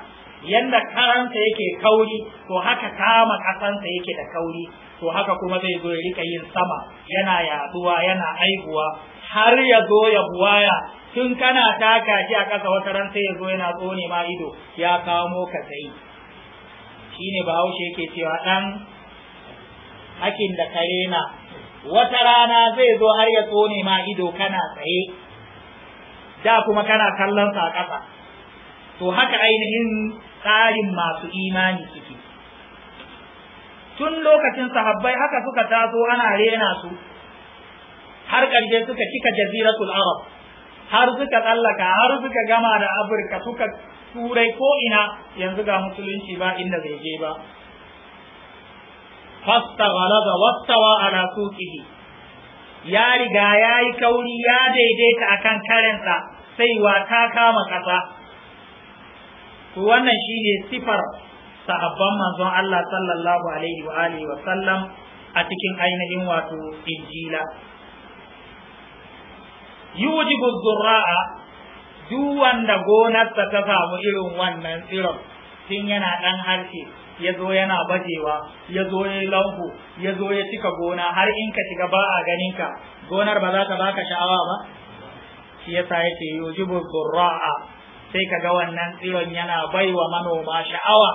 yadda karanta yake kauri to haka kama ƙasansa yake da kauri to haka kuma zai zo ya riƙa yin sama yana yaduwa yana aihuwa har ya zo ya buwaya tun kana taka shi a ƙasa wata ran sai ya zo yana tsone ma ido ya kamo ka sai shine bahaushe ke cewa ɗan hakin da kare na wata rana zai zo har ya tsone ma ido kana tsaye da kuma kana kallon sa ƙasa to haka ainihin tsarin masu imani suke tun lokacin sahabbai haka suka taso ana rena su har ƙarshe suka cika jaziratul arab har suka tsallaka har suka gama da afirka suka turai ko ina yanzu ga musulunci ba inda bai je ba fastaghalaba wastawa ala suqihi ya riga yayi kauri ya daidaita akan karensa sai wa ta kama kasa to wannan shine sifar sahabban manzon Allah sallallahu alaihi wa alihi wa sallam a cikin ainihin wato injila yujibu dhurra'a duk wanda gonarsa ta samu irin wannan tsiron tun yana ɗan harshe ya zo yana bajewa ya zo ya yi lanku ya zo ya cika gona har in ka shiga ba a ganin ka gonar ba za ta baka sha'awa ba shi yasa yake yujibu qurra'a sai ka ga wannan tsiron yana bai wa manoma sha'awa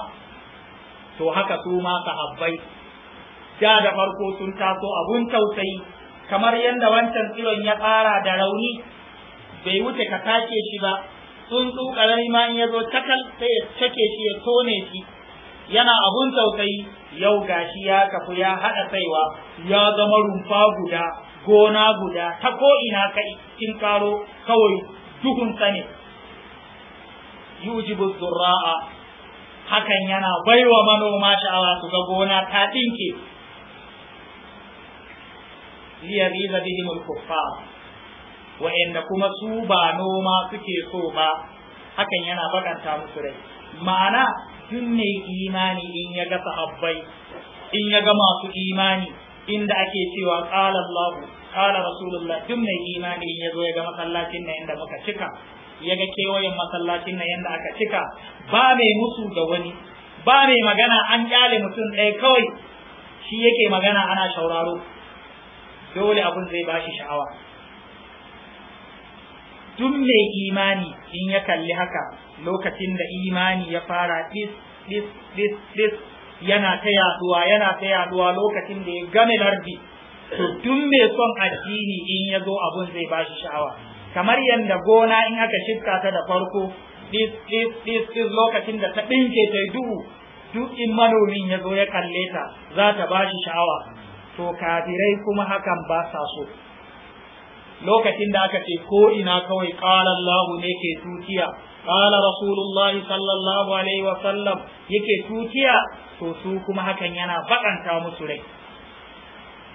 to haka su ma Habbai. da da farko sun taso abun tausayi kamar yadda wancan tsiron ya tsara da rauni bai wuce ka take shi ba tsuntsu karami ma in ya zo takal sai ya take shi ya tone shi yana abun tausayi yau gashi ya kafu ya haɗa saiwa ya zama rumfa guda gona guda ta ko'ina ka kin karo kawai duhun ne yujibu zurra'a hakan yana baiwa manoma sha'awa su ga gona ta ɗinke liyariza bihimul kuffar wa'anda kuma su ba noma suke so ba hakan yana bakanta musu rai ma'ana duk ne imani in ya ga sahabbai in ya ga masu imani inda ake cewa qala Allah qala Rasulullah duk mai imani in ya zo ya ga masallacin nan inda muka cika ya ga kewayen masallacin nan yanda aka cika ba mai musu da wani ba mai magana an kyale mutum ɗaya kawai shi yake magana ana shauraro dole abun zai bashi sha'awa duk mai imani in ya kalli haka lokacin da imani ya fara dis dis dis dis yana ta yaduwa yana ta yaduwa lokacin da ya game lardi to duk mai son addini in ya zo abun zai ba shi sha'awa kamar yadda gona in aka shifta ta da farko dis dis dis dis lokacin da ta dinke ta duhu duk in manomin ya zo ya kalle ta za ta ba shi sha'awa to kafirai kuma hakan ba sa so lokacin da aka ce ko ina kawai qala Allah ne ke tutiya qala rasulullahi sallallahu alaihi wa sallam yake tutiya to su kuma hakan yana bakanta musu rai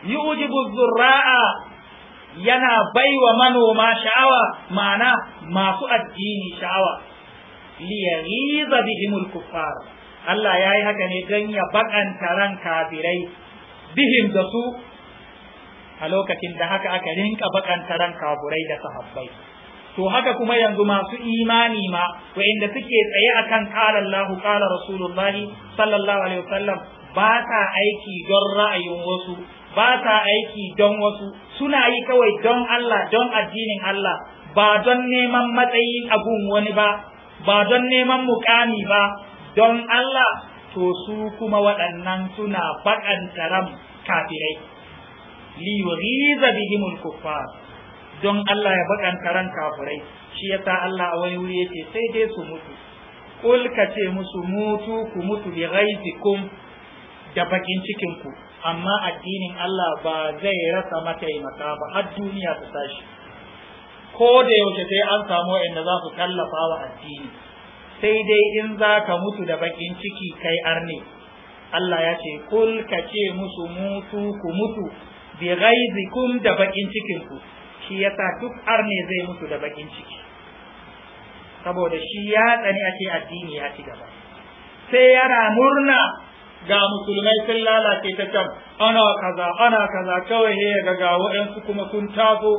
yujibu zurra'a yana baiwa manoma sha'awa ma'ana masu addini sha'awa liyaghiza bihimul kuffar Allah yayi haka ne don ya bakanta ran kafirai bihim da su a lokacin da haka aka rinka bakanta kaburai kafurai da sahabbai to haka kuma yanzu masu imani ma wa'inda suke tsaye akan qala Allahu qala Rasulullah sallallahu alaihi wasallam ba ta aiki don ra'ayin wasu ba ta aiki don wasu suna yi kawai don Allah don addinin Allah ba don neman matsayin abun wani ba ba don neman mukami ba don Allah to su kuma waɗannan suna baƙanta kafirai li yughiza bihim al-kuffar don Allah ya bakan karan kafirai shi yasa Allah a wani wuri yake sai dai su mutu kul ka ce musu mutu ku mutu bi ghaizikum da bakin cikin ku amma addinin Allah ba zai rasa mataimaka ba har duniya ta tashi ko da yaushe sai an samu inda za su tallafa wa addini sai dai in za ka mutu da bakin ciki kai arne Allah ya ce kul ka ce musu mutu ku mutu bi ghaizikum da bakin cikin ku shi yasa duk arne zai musu da bakin ciki saboda shi ya tsani a ce addini ya ci gaba sai yana murna ga musulmai sun lalace ta can ana kaza ana kaza kawai he ga ga waɗansu kuma sun taso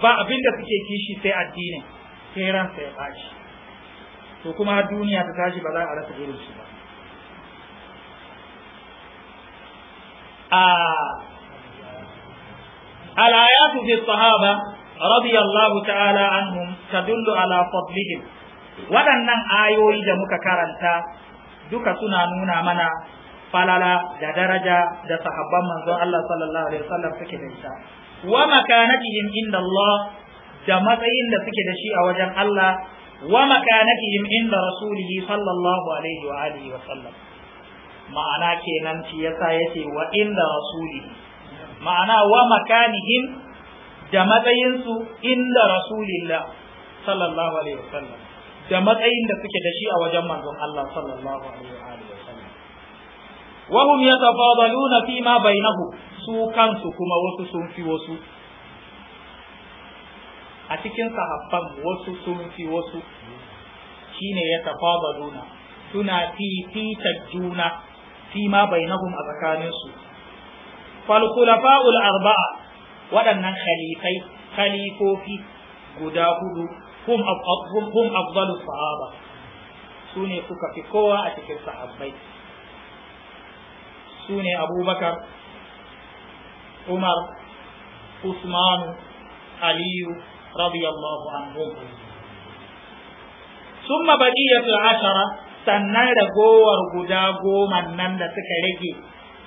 ba abinda suke kishi sai addinin sai ran sai bashi to kuma duniya ta tashi ba za a rasa irin shi ba a الآيات في الصحابة رضي الله تعالى عنهم تدل على فضلهم waɗannan ayoyi da muka karanta duka suna nuna mana falala da daraja da sahabban manzon Allah sallallahu alaihi wasallam suke da ita wa makanatihim inda Allah da matsayin da suke da shi a wajen Allah wa makanatihim inda rasulihi sallallahu alaihi wa alihi wa sallam ma'ana kenan shi yasa yace wa inda rasulihi ma'ana wa makanihim da matsayinsu inda rasulillah sallallahu alaihi wasallam da matsayin da suke da shi a wajen manzon Allah sallallahu alaihi wasallam wa hum yatafadaluna fi ma bainahu su kansu kuma wasu sun fi wasu a cikin sahabban wasu sun fi wasu shine yatafadaluna suna fi fifita juna fi ma bainahum a tsakaninsu falkulafa'ul arba'a waɗannan khalifai khalifofi guda hudu hum afdalu sahaba su ne fi kowa a cikin sahabbai su ne abubakar umar usmanu aliyu radiyallahu anhum summa baqiyatu ashara sannan ragowar guda goma nan da suka rage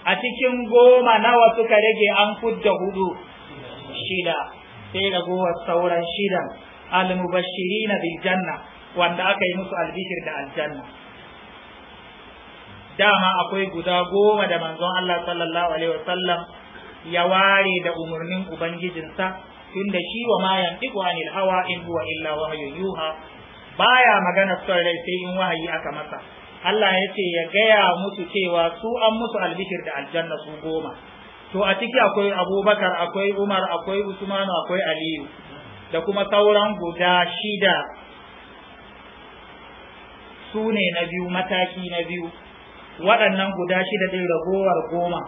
a cikin goma nawa suka rage an fudda hudu shida sai ragowar sauran shidan na bil janna wanda aka yi musu albishir da aljanna dama akwai guda goma da manzon Allah sallallahu alaihi wasallam ya ware da umarnin ubangijinsa da shi wa mayan yantiqu anil hawa in huwa illa wahyun yuha baya magana rai sai in wahayi aka masa Allah ya ce ya gaya musu cewa su an musu albishir da aljanna su goma to a ciki akwai abubakar akwai umar akwai usmanu akwai aliyu da kuma sauran guda shida su ne na biyu mataki na biyu waɗannan guda shida ɗin ragowar goma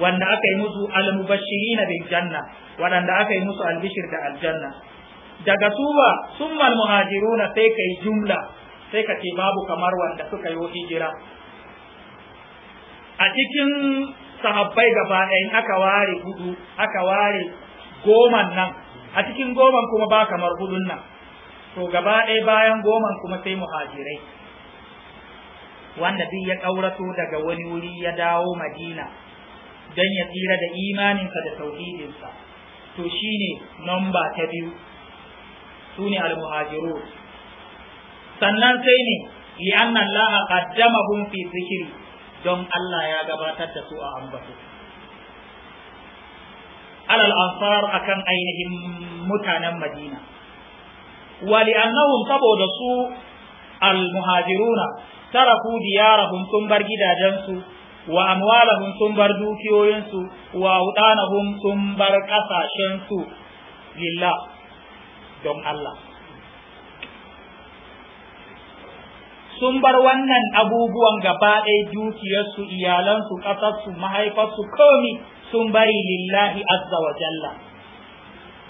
wanda aka yi musu almubashiri na bin janna waɗanda aka yi musu albishir da aljanna daga su ba sun malmuhajiru na sai kai jumla sai ka ce babu kamar wanda suka yi hijira a cikin sahabbai gaba ɗaya aka ware hudu aka ware goman nan a cikin goman kuma ba kamar hudun nan to gaba ɗaya bayan goman kuma sai muhajirai wanda duk ya ƙaurato daga wani wuri ya dawo madina don ya tsira da imaninsa da tauhidinsa to shine namba ta biyu su ne almuhajiru sannan sai ne li anna Allah qaddamahum fi zikri don Allah ya gabatar da su a ambato alal ansar akan ainihin mutanen Madina wa li annahum saboda su al muhajiruna taraku diyarahum sun bar gidajensu wa amwalahum sun bar dukiyoyinsu wa udanahum sun bar kasashensu lillah don Allah sun bar wannan abubuwan gaba ɗaya dukiyarsu iyalansu ƙasarsu mahaifarsu komi sun bari lillahi azza wa jalla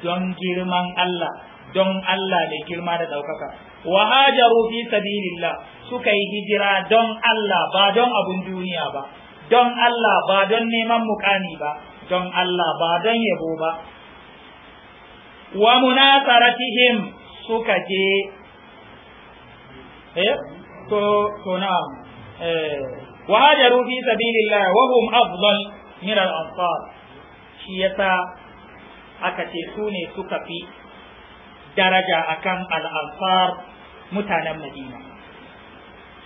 don girman Allah don Allah da girma da ɗaukaka wa hajaru fi sabilillah suka yi hijira don Allah ba don abun duniya ba don Allah ba don neman mukami ba don Allah ba don yabo ba wa munasaratihim suka je eh to na'am eh, wa hajaru fi sabilillah wa hum afdal min al ansar shi yasa aka ce su ne suka fi daraja akan al ansar mutanen madina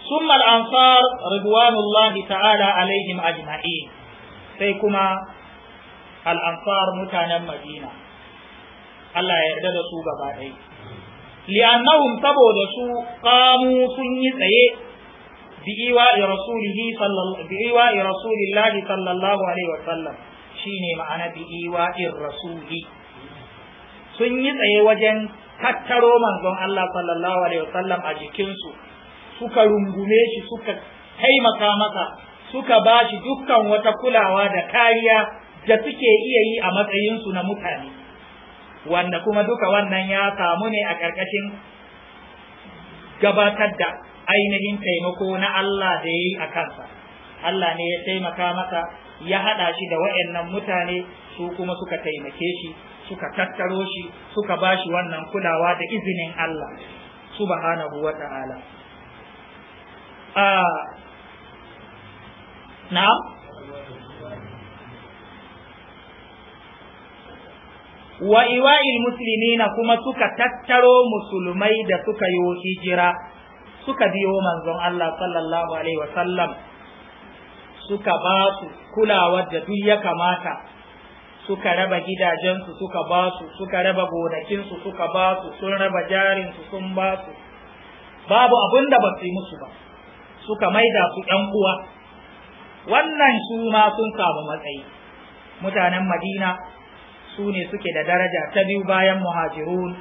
ثم الأنصار رضوان الله تعالى عليهم أجمعين سيكما الأنصار متانا مدينة Allah ya yarda da su gaba ɗaya li'annahum saboda su qamu sun yi tsaye bi'iwa'i rasulihi sallallahu bi'iwa'i rasulillahi sallallahu alaihi wasallam shine ma'ana bi'iwa'i rasuli sun yi tsaye wajen tattaro manzon Allah sallallahu alaihi wa sallam a jikinsu suka rungume shi suka taimaka masa suka ba shi dukkan wata kulawa da kariya da suke iya yi a matsayinsu na mutane wanda kuma duka wannan ya samu ne a ƙarƙashin gabatar da ainihin taimako na Allah da ya yi a kansa Allah ne ya taimaka masa ya haɗa shi da wa'annan mutane su kuma suka taimake shi suka tattaro shi suka ba shi wannan kulawa da izinin Allah subhanahu wa ta'ala ah, na'am wa iwa'il muslimina kuma suka tattaro musulmai da suka yi hijira suka biyo manzon Allah sallallahu alaihi wasallam suka ba su kulawar da duk ya kamata suka raba gidajensu suka ba su suka raba gonakinsu suka ba su sun raba jarinsu sun ba su babu abin da ba su yi musu ba suka maida su ɗan uwa wannan su ma sun samu matsayi mutanen madina su ne suke da daraja ta biyu bayan muhajirun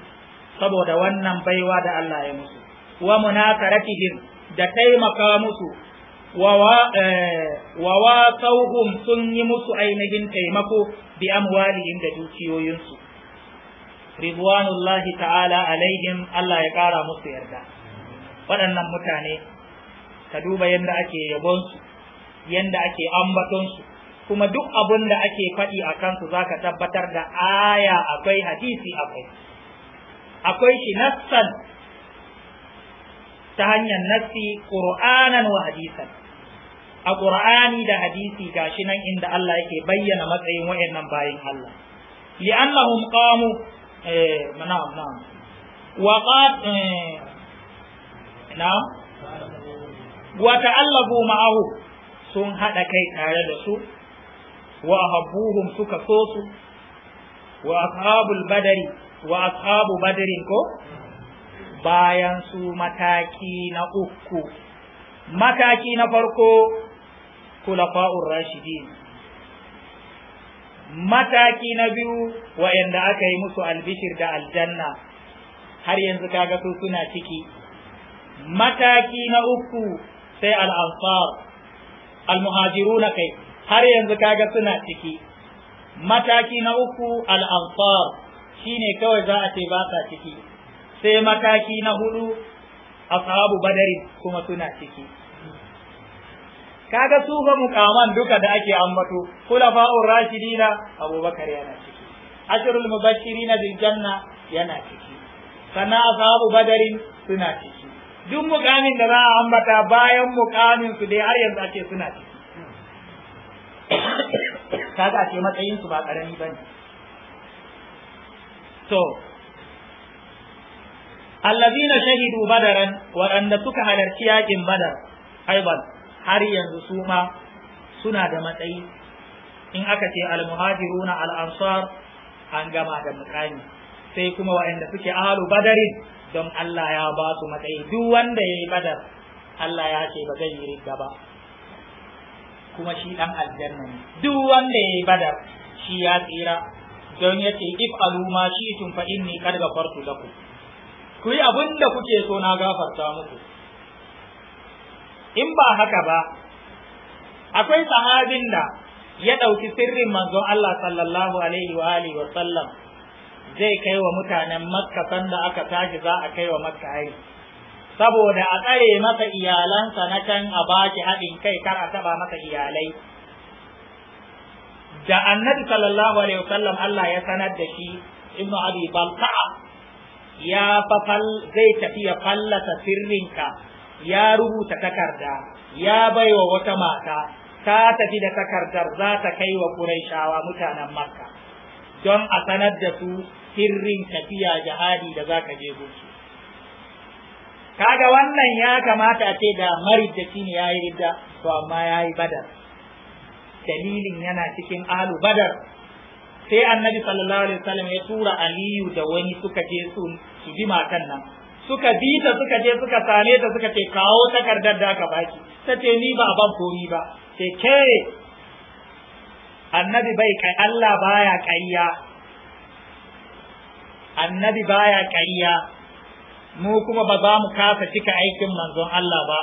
saboda wannan baiwa da Allah ya musu wa munakaratihim da taimaka musu wa eh, wasauhum sun yi musu ainihin taimako bi amwalihim da dukiyoyinsu ridwanullahi ta'ala alaihim Allah ya kara musu yarda waɗannan mutane ka duba yadda ake yabonsu yadda ake ambatonsu kuma duk abin da ake faɗi a kansu za ka tabbatar da aya akwai hadisi akwai akwai shi nassan ta hanyar nassi ƙura'anan wa hadisan a ƙura'ani da hadisi shi nan inda Allah yake bayyana matsayin wa'in nan bayan Allah li'annahum qamu eh na'am na'am wa qad eh, na'am wa ta'allafu ma'ahu sun hada kai tare da su wa ahabbuhum suka so su wa ashabul badari wa ashabu badarin ko bayan su mataki na uku mataki na farko kulafa'ur rashidin mataki na biyu wa'anda aka yi musu albishir da aljanna har yanzu kaga su suna ciki mataki na uku sai al'ansar al-muhajiruna kai har yanzu kaga suna ciki mataki na uku al'amfar shine kawai za a ce ba sa ciki sai mataki na hudu ashabu badari kuma suna ciki kaga su ga mukaman duka da ake ambato khulafa'ur rashidina abubakar yana ciki ashrul mubashirina bil janna yana ciki sannan ashabu badarin suna ciki duk mukamin da za a ambata bayan mukamin su dai har yanzu ake suna ciki kaga ce matsayin su ba karami bane to allazina shahidu badaran waɗanda suka halarci yakin badar aiban har yanzu su ma suna da matsayi in aka ce almuhajiru al-ansar an gama da mukami sai kuma waɗanda suke ahlu badarin don Allah ya ba su matsayi duk wanda yayi badar Allah ya ce ba zai yi riga ba kuma shi dan aljanna ne duk wanda yayi bada shi ya tsira don ya ce, if aluma shi tun fa inni kad gafartu lakum ku yi abin da kuke so na gafarta muku in ba haka ba akwai sahabin da ya ɗauki sirrin manzon Allah sallallahu alaihi wa alihi wa sallam zai kai wa mutanen makka sanda aka tashi za a kai wa makka aiki saboda a tsare masa iyalansa na can a baki haɗin kai kar a taɓa masa iyalai da annabi sallallahu alaihi wasallam Allah ya sanar da shi Ibn abi balta'a ya fafal zai tafi ya fallasa sirrinka ya rubuta takarda ya baiwa wata mata ta tafi da takardar za ta kai wa Qurayshawa mutanen Makka don a sanar da su sirrin tafiya jihadi da za ka je gusu kaga wannan ya kamata a ce da shi ne ya yi ridda to amma ya yi badar dalilin yana cikin alu badar sai annabi sallallahu alaihi wasallam ya tura aliyu da wani suka je su su bi matan nan suka bi ta suka je suka same ta suka ce kawo takardar da aka baki ta ce ni ba ban komi ba ce ke annabi bai kai Allah baya ƙarya annabi baya ƙarya mu kuma ba za mu kasa cika aikin manzon Allah ba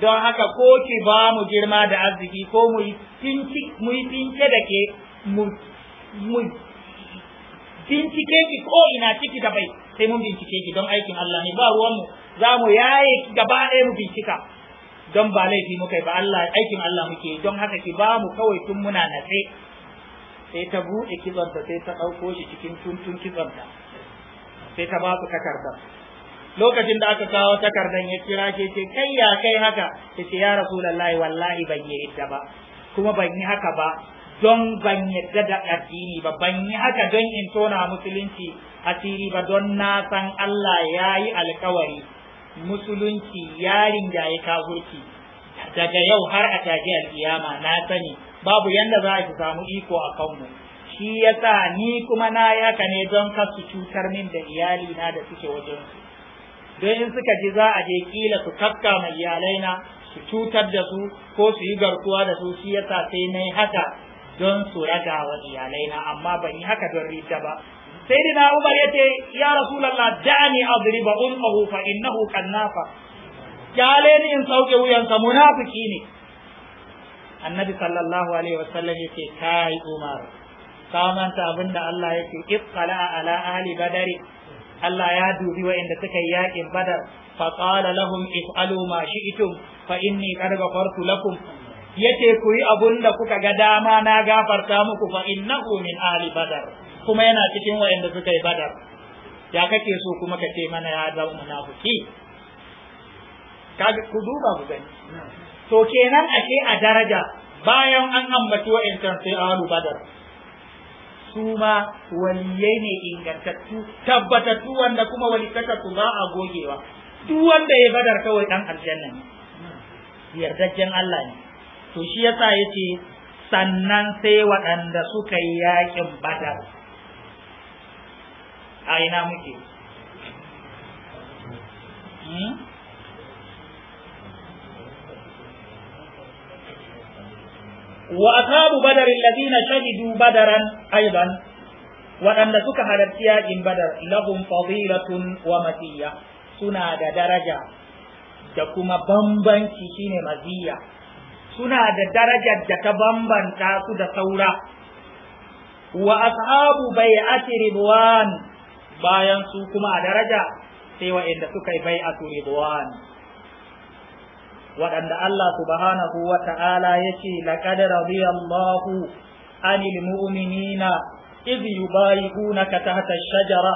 don haka ko ki ba mu girma da arziki ko mu yi tinke da ke mu bincike ki ko ina ciki da bai sai mun bincike ki don aikin Allah ne ba ruwan mu za mu yaye gaba ɗaya mu bincika don ba laifi muka yi ba Allah aikin Allah muke don haka ki ba mu kawai tun muna natse sai ta buɗe kitsonta sai ta ɗauko shi cikin tuntun kitsonta sai ta ba su takardar lokacin da aka kawo takardar ya kira ke ce kai ya kai haka ya ce ya rasulullahi wallahi ban yi yadda ba kuma ban yi haka ba don ban yadda da addini ba ban yi haka don in tona musulunci asiri ba don na san Allah ya yi alkawari musulunci yarin da ya kafurci daga yau har a tafi alkiyama na sani babu yadda za a samu iko a kanmu shi yasa ni kuma na yaka ne don kasu cutar min da iyalina da suke wajensu don in suka ji za a je kila su tafka mai iyalai na su cutar da su ko su yi garkuwa da su shi yasa sai na haka don su raga wa iyalai na amma ban yi haka don rita ba sai dina umar ya ce ya rasulallah da'ani adriba ummuhu fa innahu kannafa kyale ni in sauke wuyansa munafiki ne annabi sallallahu alaihi wasallam ya ce kai umar ka manta abinda Allah ya ce ifqala ala ahli badari Allah ya dubi wa'inda suka yi yaƙin badar fa qala lahum if'alu ma shi'tum fa inni qad ghafartu lakum yace ku yi abun da kuka ga dama na gafarta muku fa innahu min Ali badar kuma yana cikin wa'inda suka yi badar ya kake so kuma ka ce mana ya zama munafiki kaga ku duba ku gani to kenan ake a daraja bayan an ambaci wa'incan sai ahli badar suma waliyai ne ingantattu tabbatattu wanda kuma walittaka su ba a gogewa duk wanda ya badar kawai dan aljanna ne yardajjen Allah ne to shi yasa yace sannan sai waɗanda suka yi yakin badar a ina muke hmm? wa ashabu badar alladhina shahidu badaran aidan waɗanda suka halarci yaƙin badar lahum fadilatun wa matiyya suna da daraja da kuma bambanci shine maziya, suna da darajar da ta bambanta su da saura wa ashabu bai'ati ridwan bayan su kuma a daraja sai waɗanda suka yi bai'atu ridwan waɗanda Allah subhanahu wa ta'ala ya ce laƙad radiyallahu anil mu'minina iz yubayi'unaka tahta shajara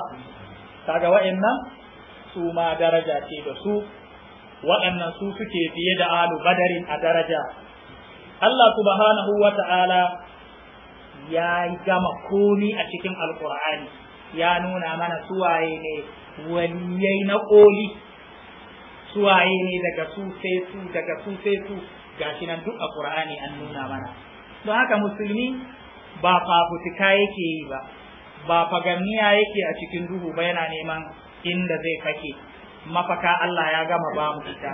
kaga wa'annan su ma daraja ce da su waɗannan su suke fiye da alu badarin a daraja Allah subhanahu wa ta'ala ya gama komi a cikin alkur'ani ya nuna mana suwaye ne waliyai na koli suwaye ne daga su sai su daga su sai su gashi nan duk a qur'ani an nuna mana don haka musulmi ba fafutuka yake yi ba ba fagamiya yake a cikin duhu ba yana neman inda zai kake, mafaka Allah ya gama ba mu ita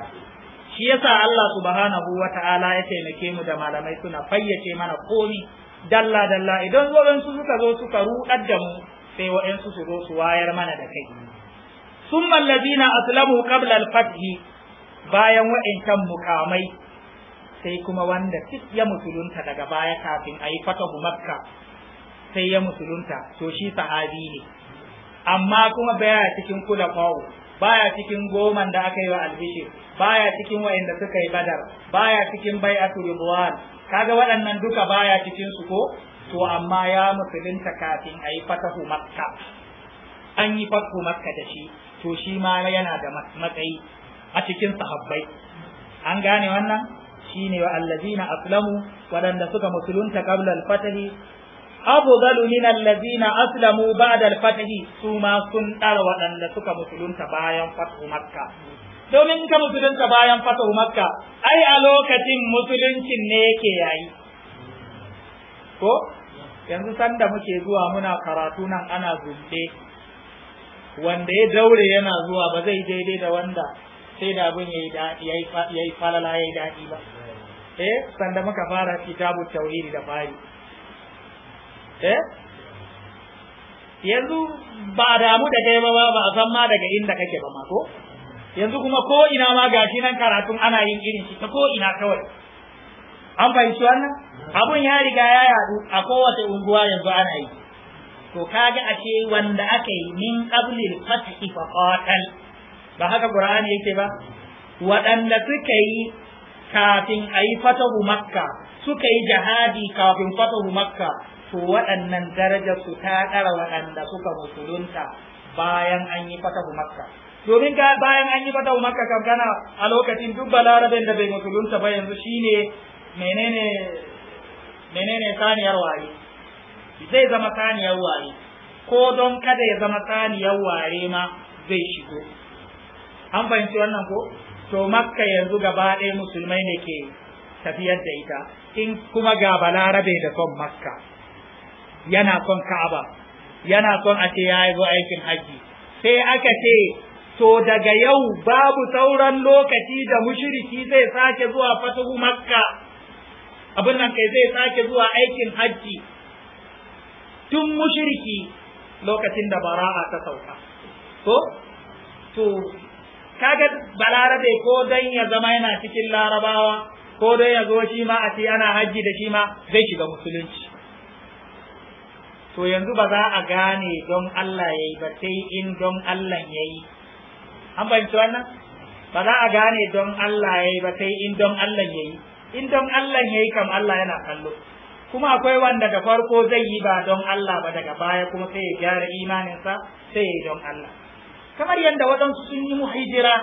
shi yasa Allah subhanahu wata'ala ya taimake mu da malamai suna fayyace mana komi dalla dalla idan su suka zo suka ruɗar da mu sai waɗansu su zo su wayar mana da kai ثم na aslamu kablal الفتح bayan wa'incan mukamai sai kuma wanda duk ya musulunta daga baya kafin a yi fatahu makka sai ya musulunta to shi sahabi ne amma kuma baya cikin kula fawo baya cikin goman da aka yi wa albishir baya cikin wa'inda suka yi badar baya cikin bai'atu ridwan kaga waɗannan duka baya cikin su ko to amma ya musulunta kafin a yi fatahu makka an yi fatahu makka da shi to shi ma yana da matsayi a cikin sahabbai an gane wannan shine wa allazina aslamu wadanda suka musulunta kabla al-fatahi afdalu min allazina aslamu ba'da al-fatahi su ma sun ɗara wadanda suka musulunta bayan fatu makka domin ka musulunta bayan fatu makka ai a lokacin musuluncin ne yake yayi ko yanzu sanda muke zuwa muna karatu nan ana zumbe wanda ya daure yana zuwa ba zai daidai da wanda sai da abin ya yi falala ya yi daɗi ba eh sanda muka fara kitabu tauhidi da fari eh yanzu ba damu da kai ba ba a san ma daga inda kake ba ma ko yanzu kuma ko ina ma gashi nan karatun ana yin irin shi ta ko ina kawai an fahimci wannan abun ya riga ya yadu a kowace unguwa yanzu ana yi to kaga ashe wanda aka yi min qablil fath fa qatal ba haka qur'ani yake ba waɗanda suka yi kafin a yi fatahu makka suka yi jihadi kafin fatahu makka to waɗannan daraja su ta ɗara waɗanda suka musulunta bayan an yi fatahu makka domin ka bayan an yi fatahu makka kankana a lokacin duk balarabin da bai musulunta ba yanzu shine menene menene saniyar waye zai zama saniyar ware ko don kada ya zama saniyar ware ma zai shigo an fahimci wannan ko to makka yanzu gaba ɗaya musulmai ne ke tafiyar da ita in kuma ga balarabe da son makka yana son ka'aba yana son a ce ya zo aikin hajji sai aka ce to daga yau babu sauran lokaci da mushiriki zai sake zuwa fatahu makka abin nan kai zai sake zuwa aikin hajji tun mushriki lokacin da bara'a ta sauka ko to kaga balarabe ko dan ya zama yana cikin larabawa ko dan ya zo shi ma a ce ana hajji da shi ma zai shiga musulunci to yanzu ba za a gane don Allah yayi ba sai in don Allah yayi an bayyana wannan ba za a gane don Allah yayi ba sai in don Allah yayi in don Allah yayi kam Allah yana kallo kuma akwai wanda da farko zai yi ba don Allah ba daga baya kuma sai ya gyara imaninsa sai ya yi don Allah kamar yadda waɗansu sun yi muhijira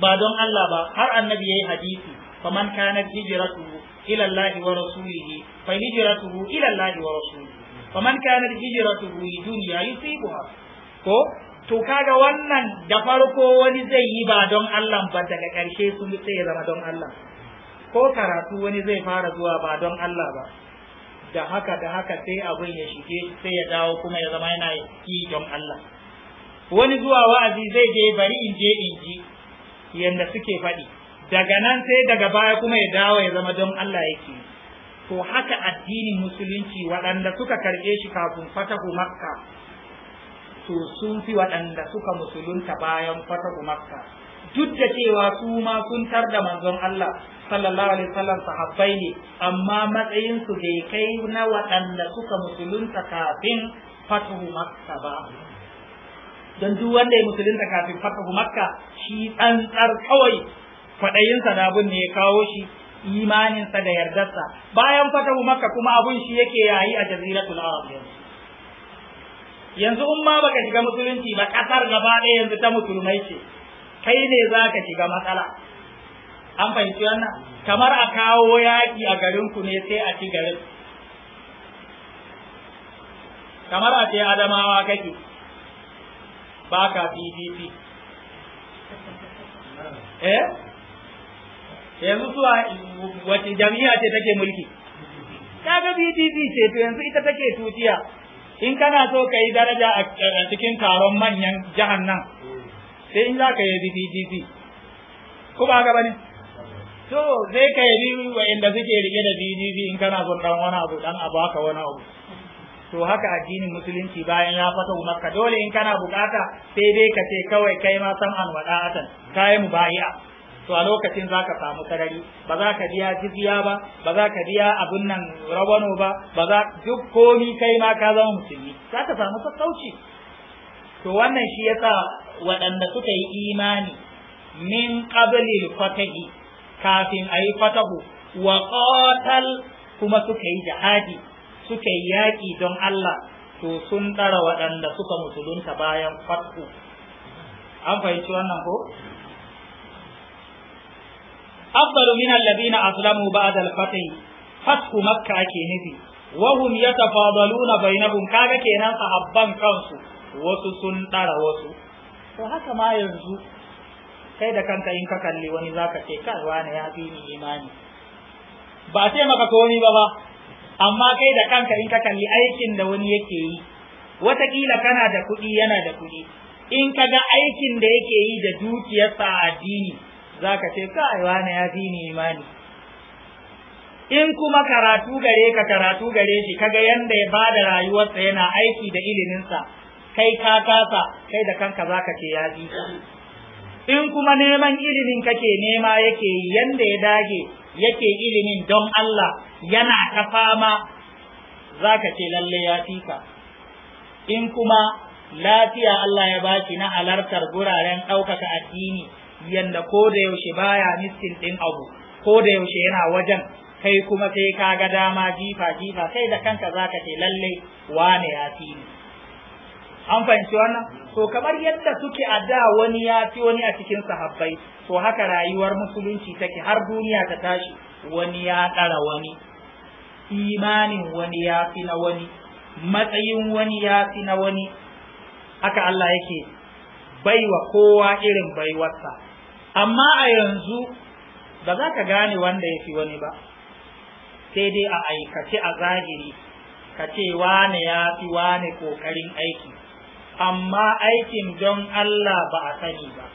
ba don Allah ba har annabi yayi hadisi "Fa man kana hijratu ila Allah wa rasulihi fa hijratu ila Allah wa rasulihi man kana hijratu li dunya yusibuha ko to kaga wannan da farko wani zai yi ba don Allah ba daga ƙarshe sun sai ya zama don Allah ko karatu wani zai fara zuwa ba don Allah ba da haka da haka sai abin ya shige sai ya dawo kuma ya zama yana yi don Allah wani zuwa wa'azi zai je bari in je in ji yanda suke faɗi daga nan sai daga baya kuma ya dawo ya zama don Allah yake to haka addinin musulunci waɗanda suka karɓe shi kafin fatahu makka to sun fi waɗanda suka musulunta bayan fatahu makka duk da cewa su ma sun tar da manzon Allah sallallahu alaihi wasallam sahabbai ne amma matsayin su bai kai na waɗanda suka musulunta kafin fatuhu makka ba don duk wanda ya musulunta kafin fatuhu makka shi tsantsar kawai kwaɗayinsa da abun ne ya kawo shi imaninsa da yardarsa bayan fatahu makka kuma abun shi yake yayi a jaziratul arab yanzu yanzu in ma baka shiga musulunci ba kasar gaba ɗaya yanzu ta musulmai ce kai ne za ka shiga matsala an fahimci wannan kamar a kawo yaƙi a garinku ne sai a ci garin kamar a ce adamawa kake ba ka pdp eh yanzu suwa wacce jami'a ce take mulki kaga pdp ce to yanzu ita take tutiya in kana so ka yi daraja a cikin taron manyan jihar nan sai in za ka yi pdp ko ba ka bane So zai ka yi wa'inda suke rike da ddd in kana son dan wani abu dan a baka wani abu to haka addinin musulunci bayan ya fata makka dole in kana bukata sai dai ka ce kawai kai ma san an wada'atan kai mu bai'a to a lokacin zaka samu sarari ba za ka biya jizya ba ba za ka biya abun nan rawano ba ba za duk komi kai ma ka zama musulmi za ka samu sassauci to wannan shi yasa waɗanda suka yi imani min qablil fatahi kafin a yi fatahu wa qatal kuma suka yi jihadi suka yi yaƙi don Allah to sun ɗara waɗanda suka musulunta bayan fatu an fahimci wannan ko afdalu min alladhina aslamu ba'da al fatih fathu makka ake nufi wa hum yatafadaluna bainahum kaga kenan sahabban kansu wasu sun ɗara wasu to haka ma yanzu kai da kanka in ka kalli wani za ka ce kai wani ya fi ni imani ba sai maka ko komi ba ba amma kai da kanka in ka kalli aikin da wani yake yi watakila kana da kuɗi yana da kuɗi in ka ga aikin da yake yi da dukiyarsa a addini za ka ce kai wani ya fi ni imani in kuma karatu gare ka karatu gare shi kaga yanda ya bada rayuwarsa yana aiki da iliminsa kai ka kasa kai da kanka zaka ce ya fi in kuma neman ilimin kake nema yake yanda ya dage yake ilimin don Allah yana ta fama zaka ce lalle ya fika in kuma lafiya Allah ya baki na halartar guraren ɗaukaka addini yanda ko da yaushe baya miskin ɗin abu ko da yaushe yana wajen kai kuma sai ka ga dama jifa jifa sai da kanka zaka ce lalle wane ya fi ni an fahimci wannan to kamar yadda suke a da wani ya fi wani a cikin sahabbai to haka rayuwar musulunci take har duniya ta tashi wani ya ɗara wani imanin wani ya fi na wani matsayin wani ya fi na wani haka Allah yake baiwa kowa irin baiwarsa amma a yanzu ba za ka gane wanda ya fi wani ba sai dai a aikace a zahiri ka ce wane ya fi wane ƙoƙarin aiki amma aikin don Allah ba a sani ba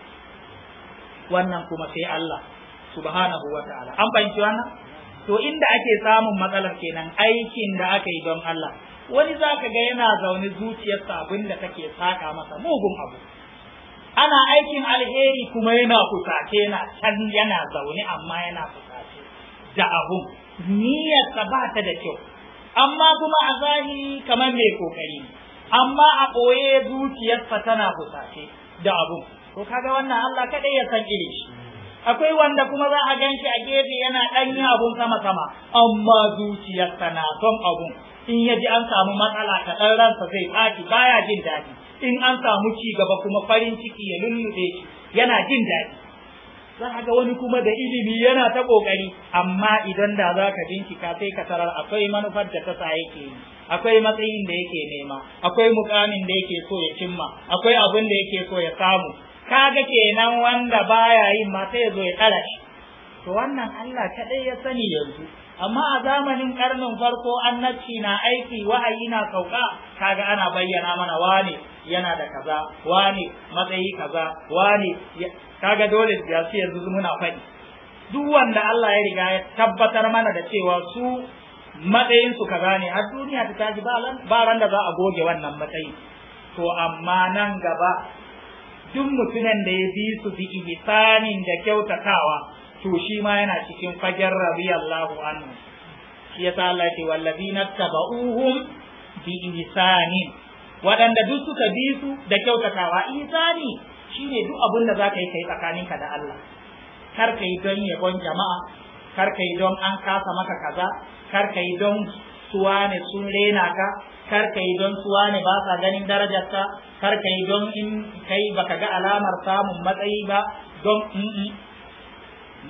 wannan kuma sai Allah subhanahu wa ta'ala an fahimci wannan to inda ake samun matsalar kenan aikin da aka yi don Allah wani za ka ga yana zaune zuciyarsa abin da take saka masa mugun abu ana aikin alheri kuma yana fusace yana can yana zaune amma yana fusace da abu niyyarsa ba ta da kyau amma kuma a zahiri kamar mai kokari amma a ɓoye zuciyarsa tana fusashe da abu to kaga wannan Allah kaɗai ya san irin shi akwai wanda kuma za a gan a gefe yana ɗan yin abun sama sama amma zuciyarsa na son abun in ya ji an samu matsala kaɗan ransa zai ɓaci baya jin daɗi in an samu ci gaba kuma farin ciki ya lulluɗe shi yana jin daɗi za a ga wani kuma da ilimi yana ta ƙoƙari amma idan da za ka bincika sai ka tarar akwai manufar da ta sa yake yi akwai matsayin da yake nema akwai mukamin da yake so ya cimma akwai abin da yake so ya samu kaga kenan wanda baya yin ma sai ya zo ya tsara shi to wannan Allah kaɗai ya sani yanzu amma a zamanin karnin farko annabci na aiki wa'ayi na sauka kaga ana bayyana mana wane yana da kaza wane matsayi kaza wane kaga dole da su yanzu muna faɗi duk wanda Allah ya riga ya tabbatar mana da cewa su matsayin su kaza ne har duniya ta tashi ba ran da za a goge wannan matsayi to amma nan gaba duk mutumin da ya bi su bi ihsanin da kyautatawa to shi ma yana cikin fagen radiyallahu anhu shi yasa Allah ce wallazina tabauhum bi ihsanin waɗanda duk suka bi su da kyautatawa ihsani shine duk abin da zaka yi kai tsakaninka da Allah kar ka yi don yabon jama'a kar ka yi don an kasa maka kaza kar ka yi don suwa ne sun rena ka kar ka yi don suwa ne ba sa ganin darajarta, kar ka yi don in kai baka ga alamar samun matsayi ba don in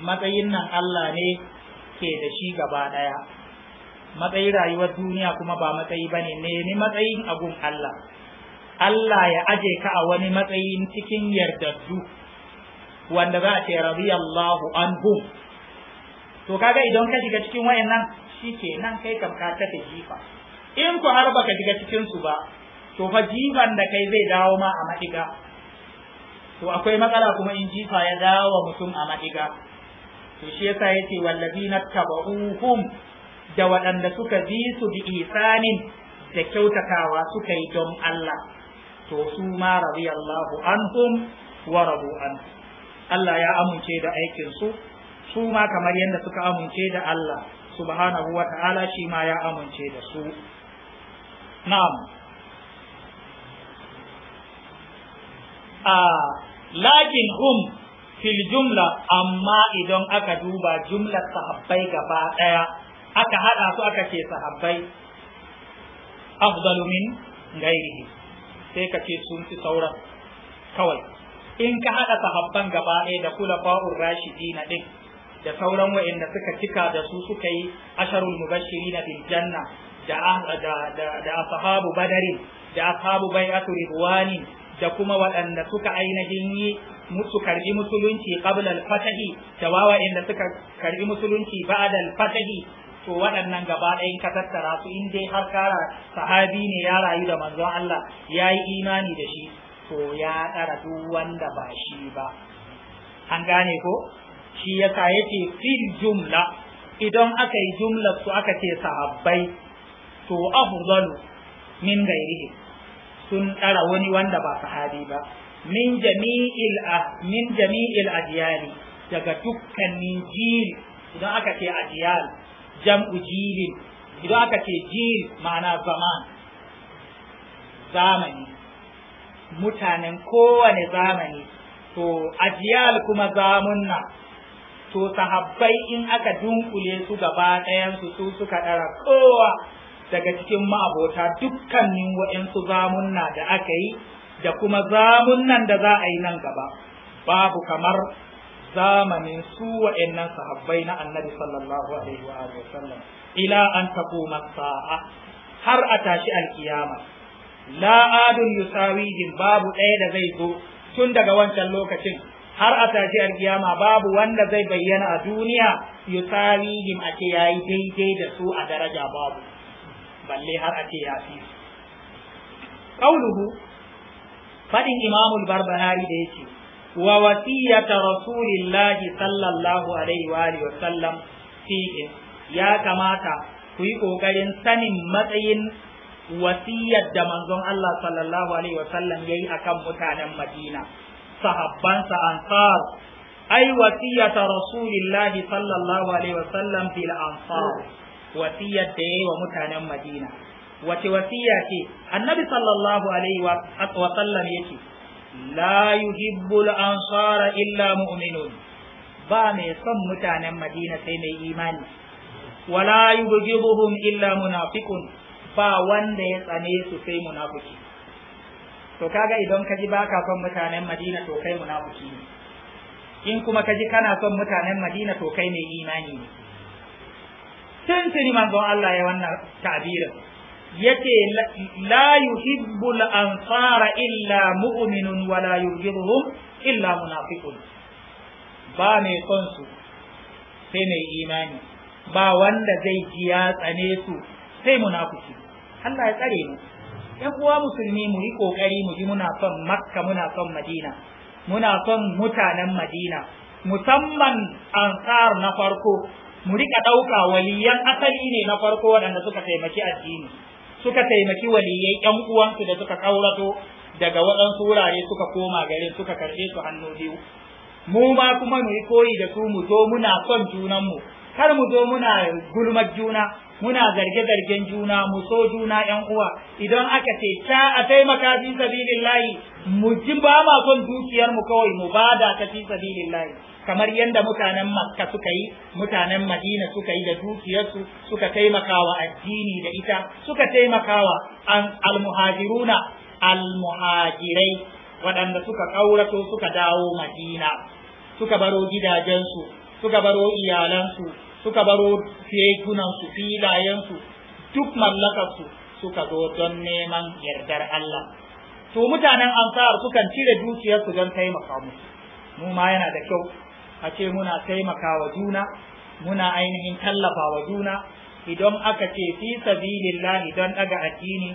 matsayin nan Allah ne ke da shi gaba daya Matsayin rayuwar duniya kuma ba matsayi bane nemi matsayin abun Allah Allah ya aje ka a wani matsayin cikin yardaddu wanda za a ce radiyallahu anhum to kaga idan ka shiga cikin wayannan nan kai kam ka ta jifa in ku har baka shiga cikin su ba to fa jifan da kai zai dawo ma a madiga to akwai matsala kuma in jifa ya dawo mutum a madiga to shi yasa yace wallazina tabauhum da waɗanda suka bi su bi isanin da kyautakawa suka yi don Allah to su ma radiyallahu anhum wa radu an Allah ya amince da aikin su su ma kamar yadda suka amince da Allah subhanahu wa ta'ala shi ma ya amince da su na'am a lakin hum fil jumla amma idan aka duba jumlar sahabbai gaba daya aka hada su aka ce sahabbai afdalu min sai ka ce sun fi sauran kawai in ka haɗa sahabban gaba daya da kula ba'ur rashidi na ɗin? da sauran wa'anda suka cika da su suka yi asharul mubashirina bil janna da ah, da ashabu badarin da ashabu bai'atu ridwani da kuma waɗanda suka ainihin yi su karbi musulunci qabla fatahi da wawa suka karbi musulunci ba'da fatahi to waɗannan gaba ɗayan ka tattara su in dai har kara sahabi ne ya rayu da manzon Allah ya yi imani da shi to ya ɗara duk wanda ba shi ba an gane ko shi yasa yake fil jumla idan aka yi jumla su aka ce sahabbai to afdalu min gairihi sun ɗara wani wanda ba sahabi ba min jami'il a min jami'il ajiyali daga dukkanin jil idan aka ce ajiyal jam'u jilin idan aka ce jil ma'ana zaman zamani mutanen kowane zamani to ajiyal kuma zamunna to sahabbai in aka dunkule su gaba ɗayansu su suka ɗara kowa daga cikin ma'abota dukkanin waɗansu zamunna da aka yi da kuma zamunnan da za a yi nan gaba babu kamar zamanin su waɗannan sahabbai na annabi sallallahu alaihi wa sallam ila an taku sa'a har a tashi alkiyama La'adun Yusawi, yusawihim babu ɗaya da zai zo tun daga wancan lokacin har a tashi alkiyama babu wanda zai bayyana a duniya yusalihim a ce yayi daidai da su a daraja babu balle har a ce ya fi su qauluhu fadin imamul barbahari da yake wa wasiyata rasulillahi sallallahu alaihi wa sallam fihi ya kamata ku yi ƙoƙarin sanin matsayin wasiyar da manzon Allah sallallahu alaihi wa sallam ya yayi akan mutanen Madina sahabbansa ansar ai wasiyata rasulillahi sallallahu alaihi wasallam bil ansar wasiyar da yayi wa mutanen madina wace wasiya ce annabi sallallahu alaihi wa sallam yake la yuhibbul ansara illa mu'minun ba mai son mutanen madina sai mai imani wala yubghiduhum illa munafiqun ba wanda ya tsane su sai munafiki to kaga idan kaji ji baka son mutanen madina to kai munafiki ne in kuma kaji kana son mutanen madina to kai mai imani ne tuntuni manzon Allah ya wannan ta'birin yake la yuhibbu al-ansara illa mu'minun wa la yuhibbuhum illa munafiqun ba mai son su sai mai imani ba wanda zai ji ya tsane su sai munafiki Allah ya tsare mu yan uwa musulmi mu yi kokari mu ji muna son makka muna son madina muna son mutanen madina musamman ansar na farko mu rika ɗauka waliyan asali ne na farko waɗanda suka taimaki addini suka taimaki waliyai yan uwansu da suka kaurato daga waɗansu wurare suka koma garin suka karɓe su hannu biyu mu ma kuma mu yi koyi da su mu zo muna son junanmu kar mu zo muna gulmar juna muna zarge-zargen juna mu so juna yan uwa idan aka ce ta a taimaka fi sabilillahi mu ji ba ma son dukiyar mu kawai mu bada ta fi sabilillahi kamar yadda mutanen makka suka yi mutanen madina suka yi da dukiyarsu suka taimaka wa addini da ita suka taimaka wa almuhajiruna almuhajirai waɗanda suka ƙaurato suka dawo madina suka baro gidajensu suka baro iyalansu suka baro fekunansu filayensu duk mallakarsu suka zo don neman yardar Allah to mutanen ansar sukan cire dukiyarsu don taimaka musu mu ma yana da kyau a ce muna taimaka wa juna muna ainihin tallafa wa juna idan aka ce fi sabilillahi don daga addini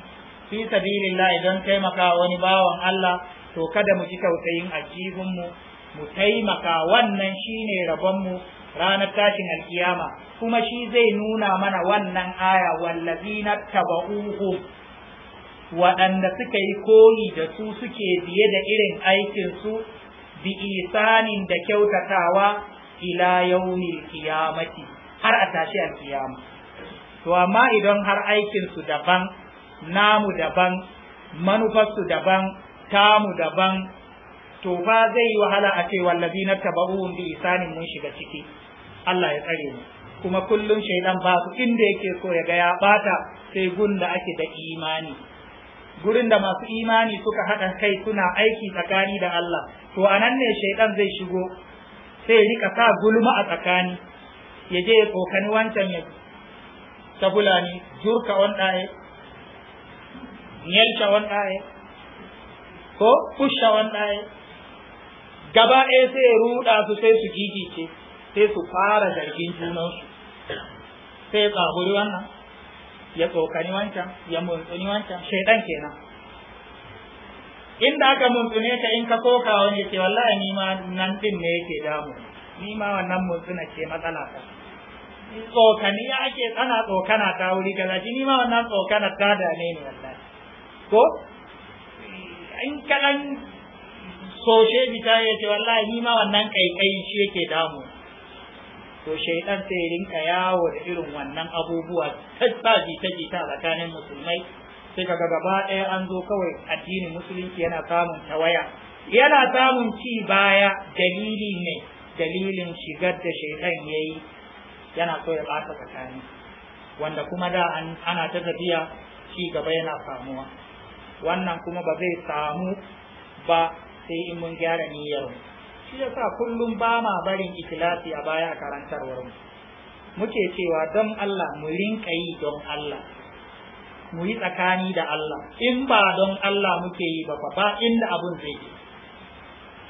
fi sabilillahi don taimaka wani bawan Allah to kada mu ji tausayin ajihunmu mu taimaka wannan shine rabonmu ranar tashin alkiyama kuma shi zai nuna mana wannan aya wallazina taba'uhu waɗanda suka yi koyi da su suke biye da irin aikinsu bi isanin da kyautatawa ila yaumil qiyamati har a tashi alkiyama to amma idan har aikinsu daban namu daban manufarsu daban tamu daban to fa zai yi wahala a ce wallazi na tabaruhum bi isanin mun shiga ciki Allah ya tsare mu kuma kullum shaidan ba su inda yake so ya ga ya bata sai gunda ake da imani gurin da masu imani suka haɗa kai suna aiki tsakani da Allah to anan ne shaidan zai shigo sai rika sa gulma a tsakani ya je kokani wancan ya ta fulani jurka wan nyelta wan ko kusha wan gaba ɗaya sai ya ruɗa su sai su gigice sai su fara zargin junansu sai ya tsaguri wannan ya tsokani wancan ya muntsuni wancan shaidan kenan inda aka muntsune ka in ka soka wani ke wallahi ni ma nan din ne yake damu ni ma wannan muntsuna ce matsala ta tsokani ya ake tsana tsokana ta wuri kaza ni ma wannan tsokana ta dame ne wallahi ko in kaɗan to bita ya yace wallahi ni ma wannan kaikai shi yake damu to shaidan sai rinka yawo da irin wannan abubuwa ta jita jita tsakanin musulmai sai kaga gaba ɗaya an zo kawai addinin musulunci yana samun tawaya yana samun ci baya dalili ne dalilin shigar da shaidan yayi yana so ya ɓata tsakani wanda kuma da ana ta tafiya ci gaba yana samuwa wannan kuma ba zai samu ba sai in mun gyara niyyar shi yasa kullum ba ma barin ikhlasi a baya a karantarwar mu muke cewa don Allah mu rinka yi don Allah mu yi tsakani da Allah in ba don Allah muke yi ba fa ba inda abun zai yi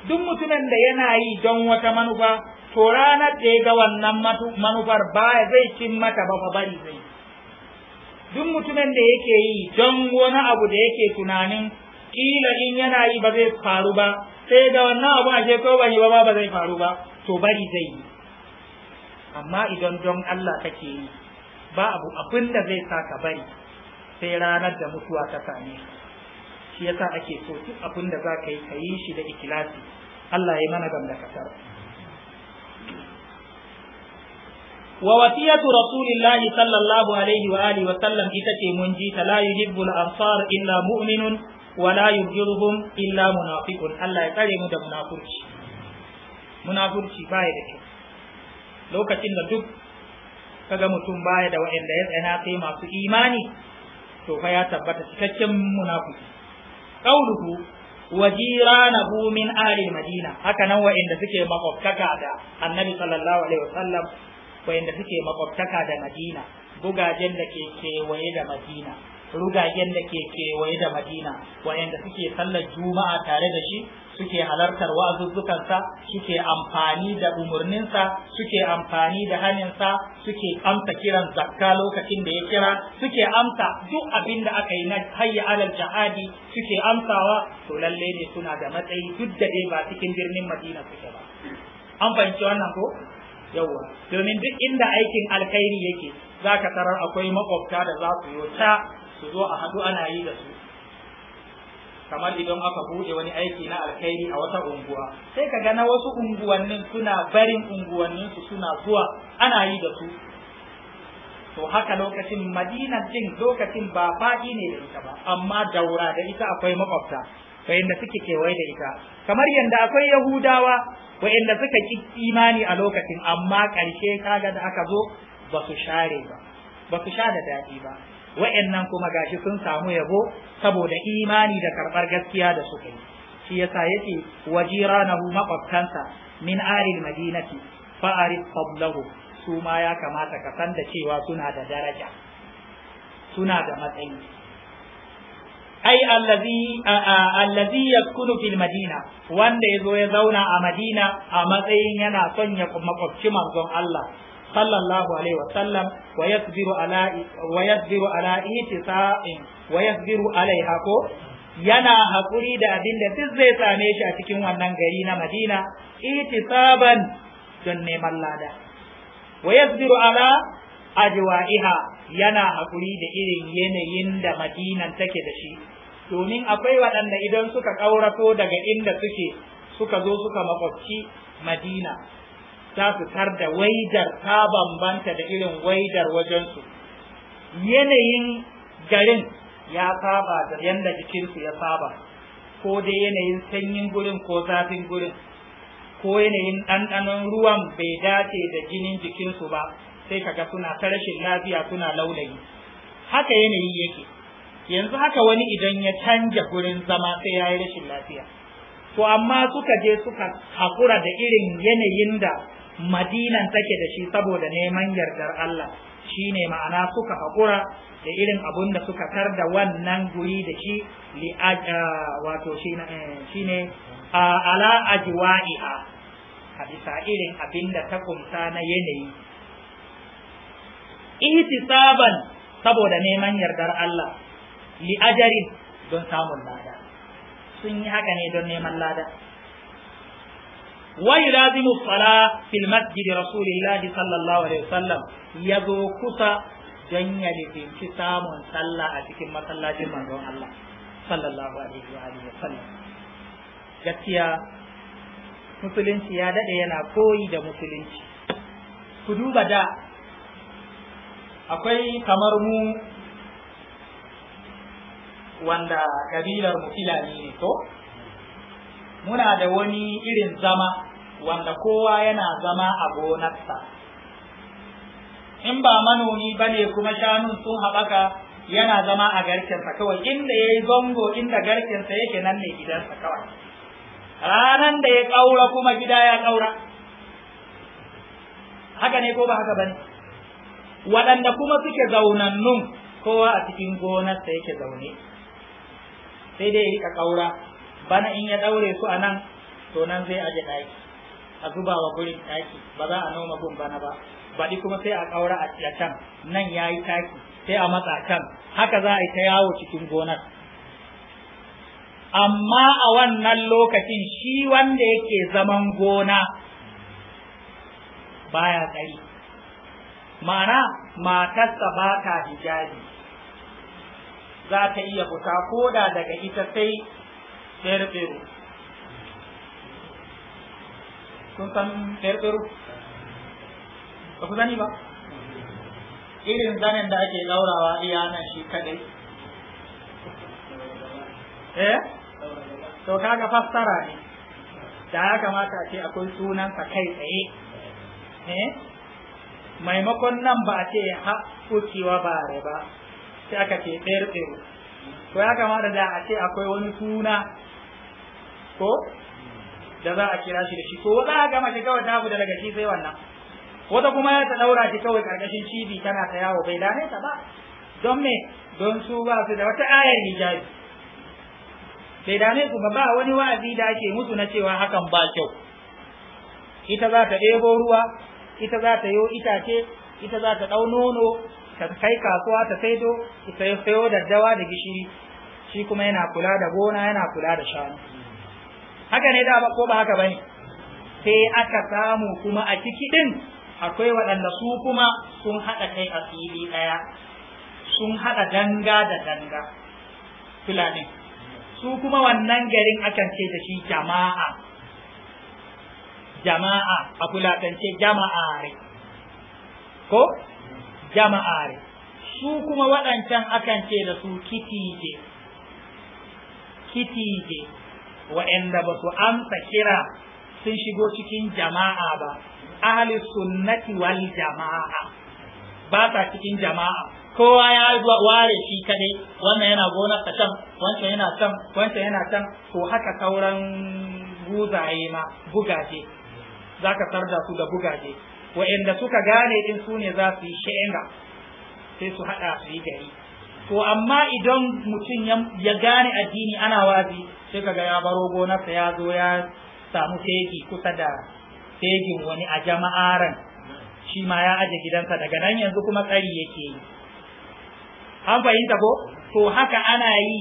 duk mutumin da yana yi don wata manufa to ranar da ya ga wannan manufar ba zai cin mata ba fa bari zai duk mutumin da yake yi don wani abu da yake tunanin kila in yana yi ba zai faru ba sai ga wannan abu a ko ba yi ba ba zai faru ba to bari zai yi amma idan don Allah kake yi ba abu abin da zai sa ka bari sai ranar da mutuwa ta same ka shi yasa ake so duk abin da za ka yi ka yi shi da ikilasi Allah ya mana gamda kasar wa wasiyatu rasulillahi sallallahu alaihi wa alihi wa sallam ita ce mun ji ta la yuhibbul ansar illa mu'minun wala yubghiruhum illa munafiqun Allah ya tsare mu da munafurci munafurci baya da kyau lokacin da duk kaga mutum baya da waɗanda ya tsaya sai masu imani to fa ya tabbata cikakken munafiki qauluhu wajiranahu min ahli madina haka nan waanda suke makwabtaka da annabi sallallahu alaihi wasallam waɗanda suke makwabtaka da madina bugajen da ke kewaye da madina rugagen da ke kewaye da madina wayanda suke sallar juma'a tare da shi suke halartar wa'azuzzukansa suke amfani da umarninsa suke amfani da haninsa suke amsa kiran zakka lokacin da ya kira suke amsa duk abin da aka yi na hayya alal jihadi suke amsawa to lalle ne suna da matsayi duk da dai ba cikin birnin madina suke ba an fahimci wannan ko yawwa domin duk inda aikin alkhairi yake za ka tarar akwai makwabta da za su yi ta su zo a haɗu ana yi da su kamar idan aka buɗe wani aiki na alkhairi a wata unguwa sai ka ga na wasu unguwannin suna barin unguwannin su suna zuwa ana yi da su to haka lokacin madina din lokacin ba faɗi ne da ita ba amma daura da ita akwai makwabta wayanda suke kewaye da ita kamar yadda akwai yahudawa wayanda suka ki imani a lokacin amma ƙarshe kaga da aka zo ba su share ba ba su sha da daɗi ba wa'annan kuma gashi sun samu yabo saboda imani da karɓar gaskiya da suka yi shi yasa yake wajiranahu maqabtansa min aril madinati fa arif su ma ya kamata ka san da cewa suna da daraja suna da matsayi ai allazi allazi yaskunu fil madina wanda yazo ya zauna a madina a matsayin yana son ya makwabci manzon Allah sallallahu alaihi عليه وسلم yasbiru على wa على ala ihtisa'in عليها كو ينا ko yana ابين da abin da duk same shi a cikin wannan gari na Madina itisaban don neman lada wa على ala ينا yana دا da irin yanayin da madina take da shi domin akwai waɗanda idan suka ƙaurato daga inda suke suka zo suka makwabci Madina za su da waidar ta bambanta da irin waidar wajensu yanayin garin ya saba da yadda jikinsu ya saba ko dai yanayin sanyin gurin ko zafin gurin ko yanayin ɗanɗanon ruwan bai dace da jinin jikinsu ba sai kaga suna ta rashin lafiya suna laulayi haka yanayi yake yanzu haka wani idan ya canja gurin zama sai ya yi rashin lafiya to amma suka je suka hakura da irin yanayin da madinan take da shi saboda neman yardar Allah shi ne ma'ana suka haƙura da irin abun da suka tar da wannan guri da shi wato shine eh, ala ajwa'iha a bisa irin abin da ta kunta na yanayi ihtisaban saboda neman yardar Allah li ajarin don samun lada sun yi haka ne don neman lada ويلازم الصلاة في المسجد رسول الله صلى الله عليه وسلم يزو كسا جنيا لبنت كسام صلى أتكم صلى جمع الله صلى الله عليه وآله وسلم جاتيا musulunci ya daɗe yana koyi da musulunci ku duba da akwai kamar mu wanda kabilar mu filani ne ko muna da wani irin zama wanda kowa yana zama a gonarsa in ba manomi ba ne kuma shanun sun haɓaka yana zama a garkensa kawai inda ya yi zango inda garkensa yake nan ne gidansa kawai ranar da ya ƙaura kuma gida ya ƙaura haka ne ko ba haka ba ne waɗanda kuma suke zaunannun kowa a cikin gonarsa yake zaune sai dai ya riƙa ƙaura bana in ya daure su a nan to nan zai aje daki, a zuba wa gurin ɗaki ba za a noma gun bana ba baɗi kuma sai a ƙaura a can nan ya yi taki sai a matsa can haka za a yi ta yawo cikin gonar amma a wannan lokacin shi wanda yake zaman gona baya tsayi ma'ana matarsa ba ta hijabi za ta iya fita koda daga ita sai ɗayar ɓero kun san ɗayar ba ku ba irin zanen da ake laurawa iya nan shi kadai eh to kaga fassara ne da ya kamata a ce akwai sunansa kai tsaye eh maimakon nan ba a ce haƙuƙewa ba ba sai aka ce ɗayar Ko to ya kamata da a ce akwai wani suna ko da za a kira shi da shi ko wata a gama shi kawai ta da daga shi sai wannan wata kuma ya ta daura shi kawai karkashin cibi tana ta yawo bai dane ta ba don me don su ba su da wata ayar hijabi bai dane su ba ba wani wa'azi da ake musu na cewa hakan ba kyau ita za ta ɗebo ruwa ita za ta yo itace ita za ta ɗau nono ta kai kasuwa ta saido ta sayo daddawa da gishiri shi kuma yana kula da gona yana kula da shanu haka ne da ba ko ba haka bane sai aka samu kuma a ciki din akwai waɗanda su kuma sun haɗa kai a fili ɗaya sun haɗa danga da danga fulani su kuma wannan garin akan ce da shi jama'a jama'a a fulatance jama'are ko jama'are su kuma waɗancan akan ce da su kitije kitije wa'anda ba su amsa kira sun shigo cikin jama'a ba ahli sunnati wal jama'a ba ta cikin jama'a kowa ya ware shi kadai wannan yana gonar ta can wancan yana can wancan yana can to haka sauran guzaye ma bugaje zaka sarda su da bugaje wa'anda suka gane din sune ne za su yi shi'inga sai su haɗa su yi gari to amma idan mutum ya gane addini ana wazi sai kaga ya baro gonarsa ya zo ya samu fegi kusa da fegin wani a jama'aran shi ma ya aje gidansa daga nan yanzu kuma tsari yake yi an fahimta ko to haka ana yi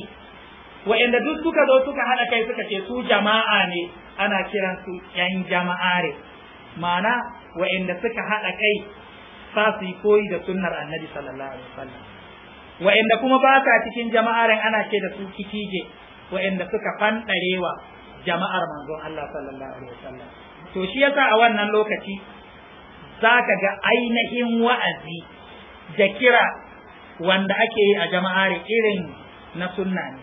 wa'anda duk suka zo suka haɗa kai suka ce su jama'a ne ana kiran su yan jama'are ma'ana wa'anda suka haɗa kai sa su yi koyi da sunnar annabi sallallahu alaihi wasallam wa'inda kuma ba sa cikin jama'arin ana ce da su kitije wa'inda suka fanɗarewa jama'ar manzon Allah sallallahu alaihi wasallam to shi yasa a wannan lokaci zaka ga ainihin wa'azi da kira wanda ake yi a jama'are irin na sunna ne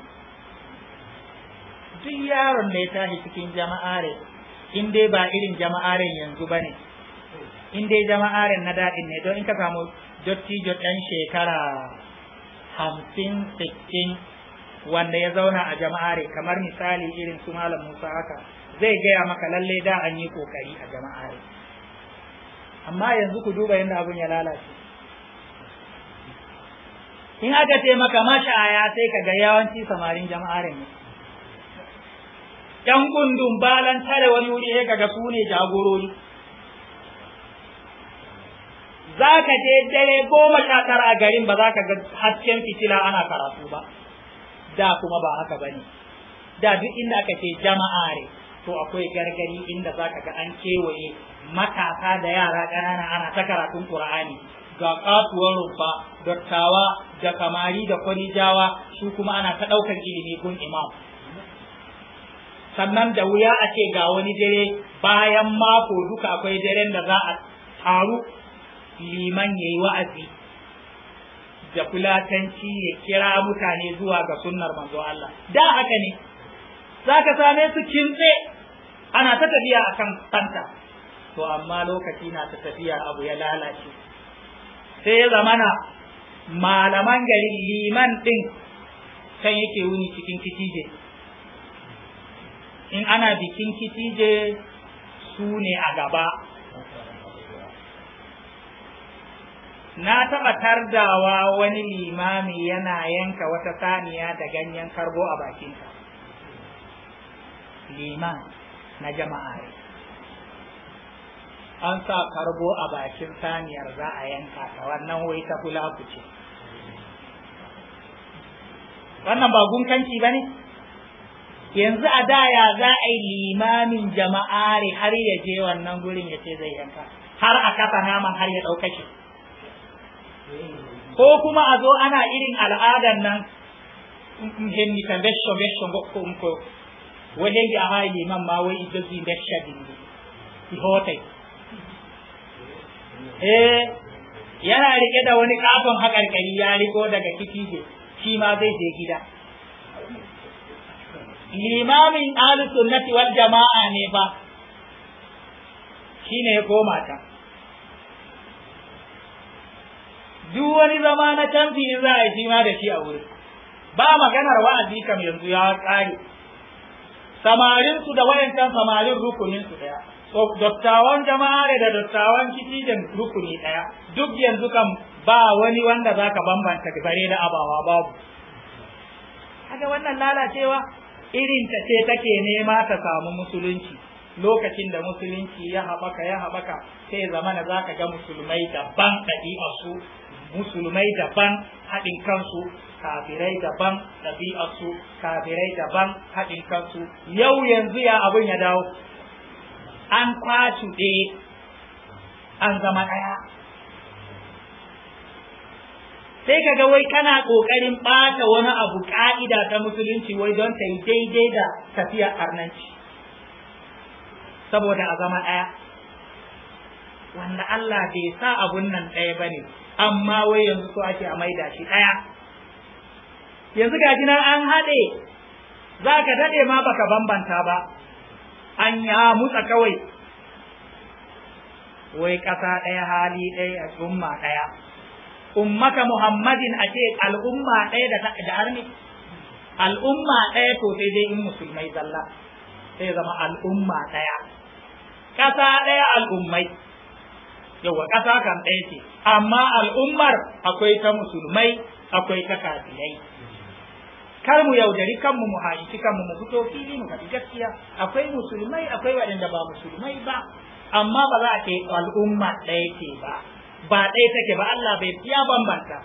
duk yaron da ya tashi cikin jama'are in dai ba irin jama'aren yanzu bane in dai jama'aren na daɗin ne don in ka samu dotti ɗan shekara hamsin sittin wanda ya zauna a jama'are kamar misali irin su malam musa haka zai gaya maka lallai da an yi kokari a jama'are amma yanzu ku duba yadda abun ya lalace in aka ce maka mashaya sai ka ga yawanci samarin jama'are ne yan gundun balan tare wani wuri sai ka ga su jagorori za ka je dare goma sha tara a garin ba za ka ga hasken fitila ana karatu ba da kuma ba haka ba ne da duk inda aka ce jama'a ne to akwai gargari inda za ka ga an kewaye matasa da yara ƙanana ana ta karatun ƙur'ani ga ƙasuwar rumfa dattawa da kamari da jawa su kuma ana ta ɗaukar ilimi gun imam sannan da wuya a ce ga wani dare bayan mako duka akwai daren da za a taru liman ya yi wa'azi da fulatanci ya kira mutane zuwa ga sunnar manzo Allah da haka ne za ka same su kintse ana ta tafiya a kan fanta to amma lokaci na ta tafiya abu ya lalace sai ya zamana malaman gari liman ɗin kan yake wuni cikin kitije in ana bikin kitije su ne a gaba na taɓa tardawa wani limami yana yanka wata saniya da ganyen karbo a bakinsa liman na jama'a an sa karbo a bakin saniyar za a yanka ta wannan wai ta kula ku ce wannan ba gunkanci ba ne yanzu a daya za a yi limamin jama'a har ya je wannan gurin ya ce zai yanka har a kafa naman har ya ɗauka shi ko kuma a zo ana irin al'adar nan henni kan besho besho gokko ko wani hengi a hayi man ma wai ijozi besha dindi ki hotai eh yana rike da wani hakar hakarkari ya riko daga kitije shi ma zai je gida limamin ahlus sunnati wal jama'a ne fa shine ya koma ta duk wani zama na canfi in za a yi shi ma da shi a wurin ba maganar wa'azi kam yanzu ya tsare samarin su da wayancan samarin rukunin su daya dattawan jama'a da da dattawan da rukuni daya duk yanzu kam ba wani wanda zaka bambanta bare da abawa babu kaga wannan lalacewa irin ta ce take nema ta samu musulunci lokacin da musulunci ya haɓaka ya haɓaka sai zamana zaka ga musulmai daban ɗabi'arsu musulmai daban haɗin kansu kafirai daban ɗabi'arsu kafirai daban haɗin kansu yau yanzu ya abin ya dawo an kwatu ɗaya an zama ɗaya sai ka ga wai kana ƙoƙarin ɓata wani abu ƙa'ida ta musulunci wai don ta yi daidai da tafiya arnanci saboda a zama ɗaya wanda Allah bai sa abun nan ɗaya ba ne amma wai yanzu so ake a maida shi ɗaya yanzu ga nan an haɗe za ka daɗe ma baka bambanta ba an ya mutsa kawai wai ƙasa ɗaya hali ɗaya umma ɗaya ummata muhammadin a ce al'umma ɗaya da arni al'umma ɗaya to sai dai in musulmai zalla sai zama al'umma ɗaya ƙasa ɗaya al'ummai yawa ƙasa kan ɗaya ce amma al'ummar akwai ta musulmai akwai ta kafirai kar mu yaudari kanmu mu haifi kanmu mu fito fili mu faɗi gaskiya akwai musulmai akwai waɗanda ba musulmai ba amma ba za a ce al'umma ɗaya ce ba ba ɗaya take ba Allah bai fiya bambanta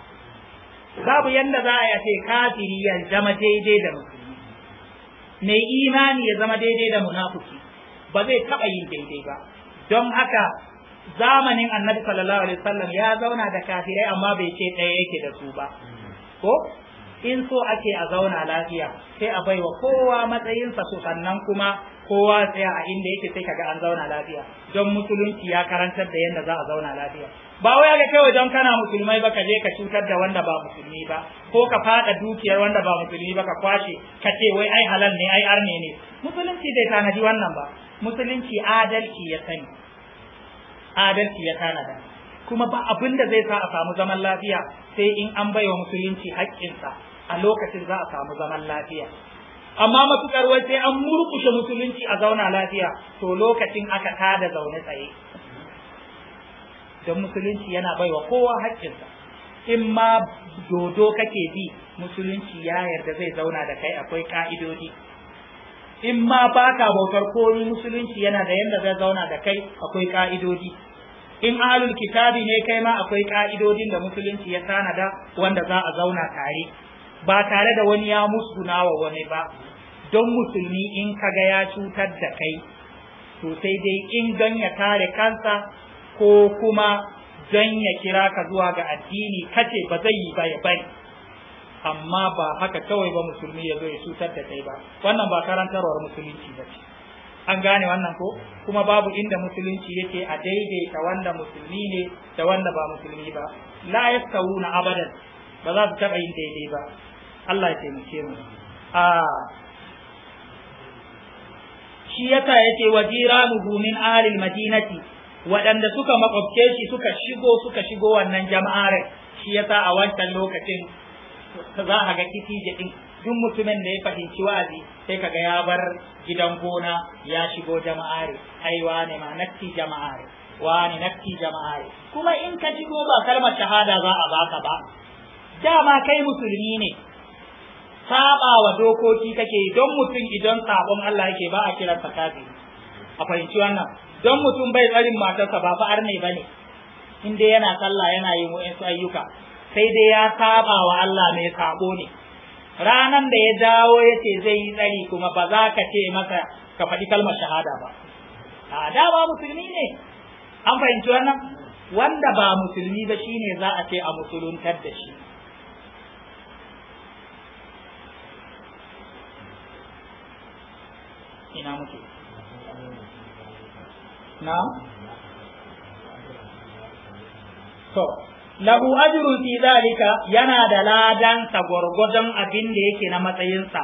babu yadda za a yi a ce kafiri ya zama daidai da musulmi mai imani ya zama daidai da munafuki ba zai taɓa yin daidai ba don haka zamanin annabi sallallahu alaihi wasallam ya zauna da kafirai amma bai ce ɗaya yake da su ba ko in so ake a zauna lafiya sai a baiwa kowa matsayinsa su sannan kuma kowa tsaya a inda yake sai kaga an zauna lafiya don musulunci ya karantar da yadda za a zauna lafiya ba wai ga kai wajen kana musulmai ba ka je ka cutar da wanda ba musulmi ba ko ka fada dukiyar wanda ba musulmi ba ka kwashe ka ce wai ai halal ne ai arne ne musulunci bai tanadi wannan ba musulunci adalci ya sani adalci ya tanada kuma ba abin da zai sa a samu zaman lafiya sai in an baiwa musulunci haƙƙinsa a lokacin za a samu zaman lafiya amma matuƙar wai sai an murkushe musulunci a zauna lafiya to lokacin aka tada zaune tsaye don musulunci yana baiwa kowa haƙƙinsa in ma dodo kake bi musulunci ya yarda zai zauna da kai akwai ka'idodi in ma baka bautar komi musulunci yana da yadda zai zauna da kai akwai ka'idodi in alul kitabi ne kai ma akwai ka'idodin da musulunci ya tanada wanda za a zauna tare ba tare da wani ya musguna wa wani ba don musulmi in ka ga ya cutar da kai to sai dai in don ya kare kansa ko kuma don ya kira ka zuwa ga addini kace ba zai yi ba ya bari amma ba haka kawai ba musulmi ya zo ya cutar da kai ba wannan ba karantarwar musulunci ba ce an gane wannan ko kuma babu inda musulunci yake a daidaita wanda musulmi ne da wanda ba musulmi ba la na abadan ba za su taɓa yin daidai ba Allah ya taimake mu a shi yasa yace wajira jiranuhu min ahli madinati waɗanda suka makwabce shi suka shigo suka shigo wannan jama'ar shi yasa a wancan lokacin za a ga kiti din duk mutumin da ya fahimci wazi sai ka ga ya bar gidan gona ya shigo jama'ari. Ai wane ma nakki jama'ari? wani nakki jama'ari. kuma in ka shigo ba kalmar shahada za a baka ba dama kai musulmi ne saba wa dokoki kake don mutum idan sabon Allah yake ba a kiransa kafiri a fahimci wannan don mutum bai tsarin matarsa ba fa'ar ne bane in dai yana sallah yana yin wa'ansu ayyuka sai dai ya saba wa Allah mai sabo ne ranan da ya dawo ya ce zai yi tsari kuma ba za ka ce masa ka faɗi kalmar shahada ba a da ba musulmi ne an fahimci wannan wanda ba musulmi ba ne za a ce a musuluntar da shi ina muke na to lahu ajrun fi zalika yana da ladansa gwargwadon abin da yake na matsayinsa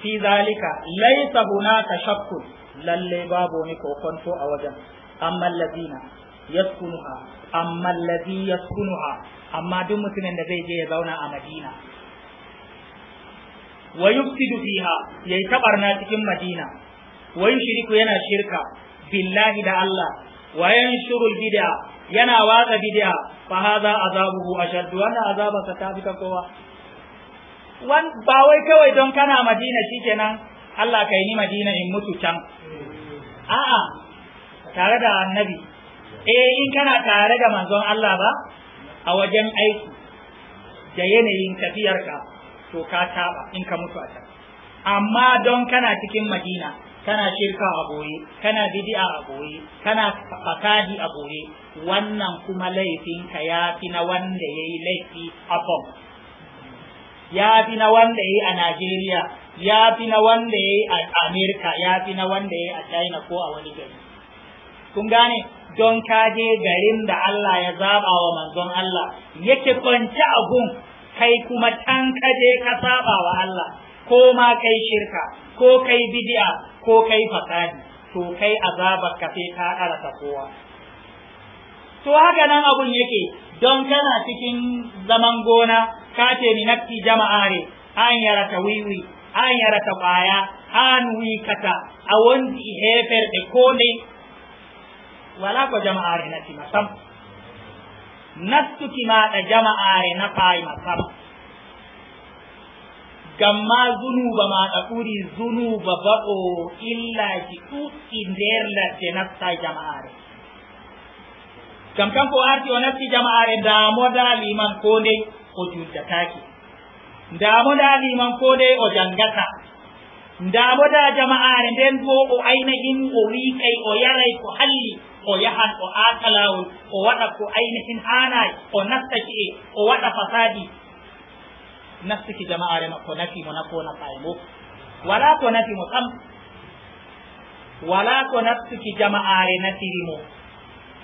fi zalika laysa hunaka shakkun lalle babu wani kokonto a wajen amma allazina yaskunuha amma allazi yaskunuha amma duk mutumin da zai je ya zauna a madina wa yufsidu fiha yayi tabarna cikin madina wa yushriku yana shirka billahi da Allah Wayan yanshuru bid'a yana watsa bid'a fa hadha azabuhu ashaddu wannan azabarsa ta fi kowa ba wai kawai don kana Madina shikenan Allah kai ni Madina in mutu can a'a tare da annabi eh in kana tare da manzon Allah ba a wajen aiki da yanayin tafiyarka to ka taba in ka mutu a can amma don kana cikin Madina kana shirka a goye kana bid'a a goye kana fakadi a goye wannan kuma laifinka ya fi na wanda ya yi laifi a bom ya fi na wanda ya yi a najeriya ya fi na wanda ya yi a amerika ya fi na wanda ya yi a china ko a wani gari kun gane don ka je garin da allah ya zaba wa manzon allah yake kwanci a gun kai kuma can ka je ka saba wa allah ko ma kai shirka ko kai bid'a ko kai fasadi to kai azabar ka sai ka karata kowa to haka nan abun yake don kana cikin zaman gona ka ce ni nafi jama'a ne an yara ta wiwi an yara ta baya an wikata a wani hefer da kone wala ko jama'a ne na ti masam nastu ma da jama'a ne na fa'i masam gamma zunu ba ma ɗaɗuri ɓuri zunu ba baɓo illa ki ɗuɗɗi nder ladde nafta jama'are gam kanko o arti o nafti jama'are damoda liman ko ndey o juddataake damoda liman ko dai o janngata damoda jama'are nden bo o ainihin o rikai, o yaray ko halli o yahan o aata laawol o waɗa ko ainihin haanaay o nasta ci'e o waɗa fasadi nafsiki jama'areno ko na mo ko na faymo wala ko mo kam? wala ko naftuki jama'are nasirimo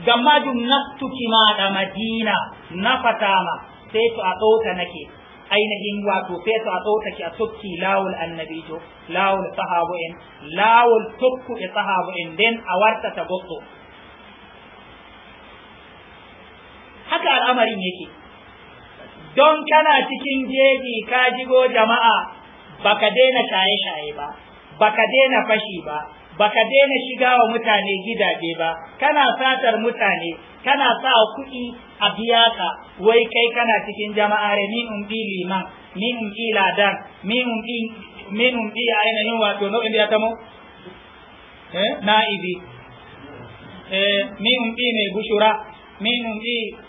gam majum ma da madina nafatama sai to a ɗota nake ainihin wato sai to a ɗotaki a tokki lawol annabijo lawol sahabo en lawol tokkuɗe sahabo en den a wartata goɗɗo haka al'amarin yake don kana cikin jeji ka jigo jama'a baka daina shaye-shaye ba baka daina fashi ba baka daina shiga wa mutane gidaje ba kana satar mutane kana sa kuɗi a biya ka. wai kai kana cikin jama'a re min bi liman min umbi ladan min bi min umbi ainihin wato no inda ta mu eh na'ibi eh min bi ne bushura min bi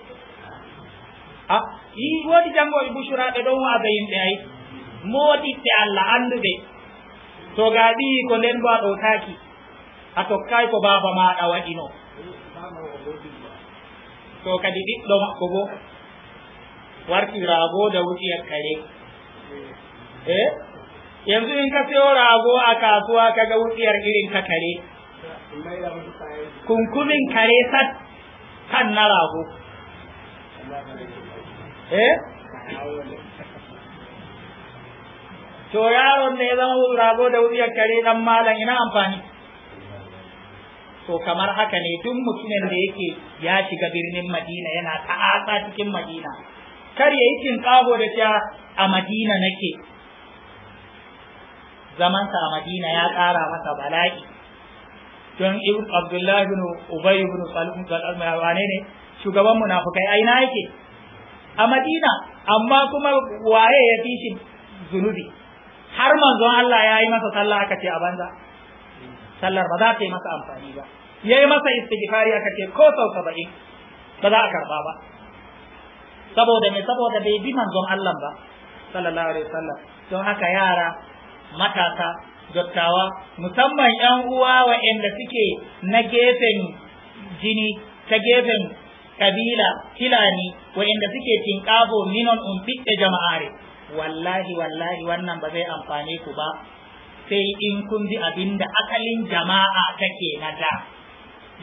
a yi wodi jangoɓe bushuraɓe ɗon waada yimɓe ay moɗiɓɓe allah anduɓe to ga ɓiyi ko nden bo a ɗowtaki a tokkay ko baaba maɗa waɗino to kadi ɓiɗɗo makko bo warti rago da wuciyar kare eh yanzu in ka siyo rago a kasuwa kaga wuciyar irin ka kare kunkumin kare sat kan na rago eh to yaron ne zan rago da wuyar kare dan malam ina amfani to kamar haka ne duk mutumin da yake ya shiga birnin madina yana ta'asa cikin madina kar ya yi kinkaho da ta a madina nake zamansa a madina ya ƙara masa bala'i don ibn abdullahi ibn ubay ibn salim ibn al ne shugaban munafikai aina yake a madina amma kuma waye ya fi shi zunubi har manzon Allah ya yi masa sallah aka ce a banza sallar ba za ta yi masa amfani ba ya yi masa istighfari aka ce ko sau saba'in ba za a karba ba saboda mai saboda bai bi manzon Allah ba sallallahu alaihi wasallam don haka yara matasa dattawa musamman yan uwa inda suke na gefen jini ta gefen kabila filani wa'inda suke tinƙago minon umfiɗe jama'are wallahi wallahi wannan ba zai amfane ku ba sai in kun bi abinda akalin asalin jama'a take na da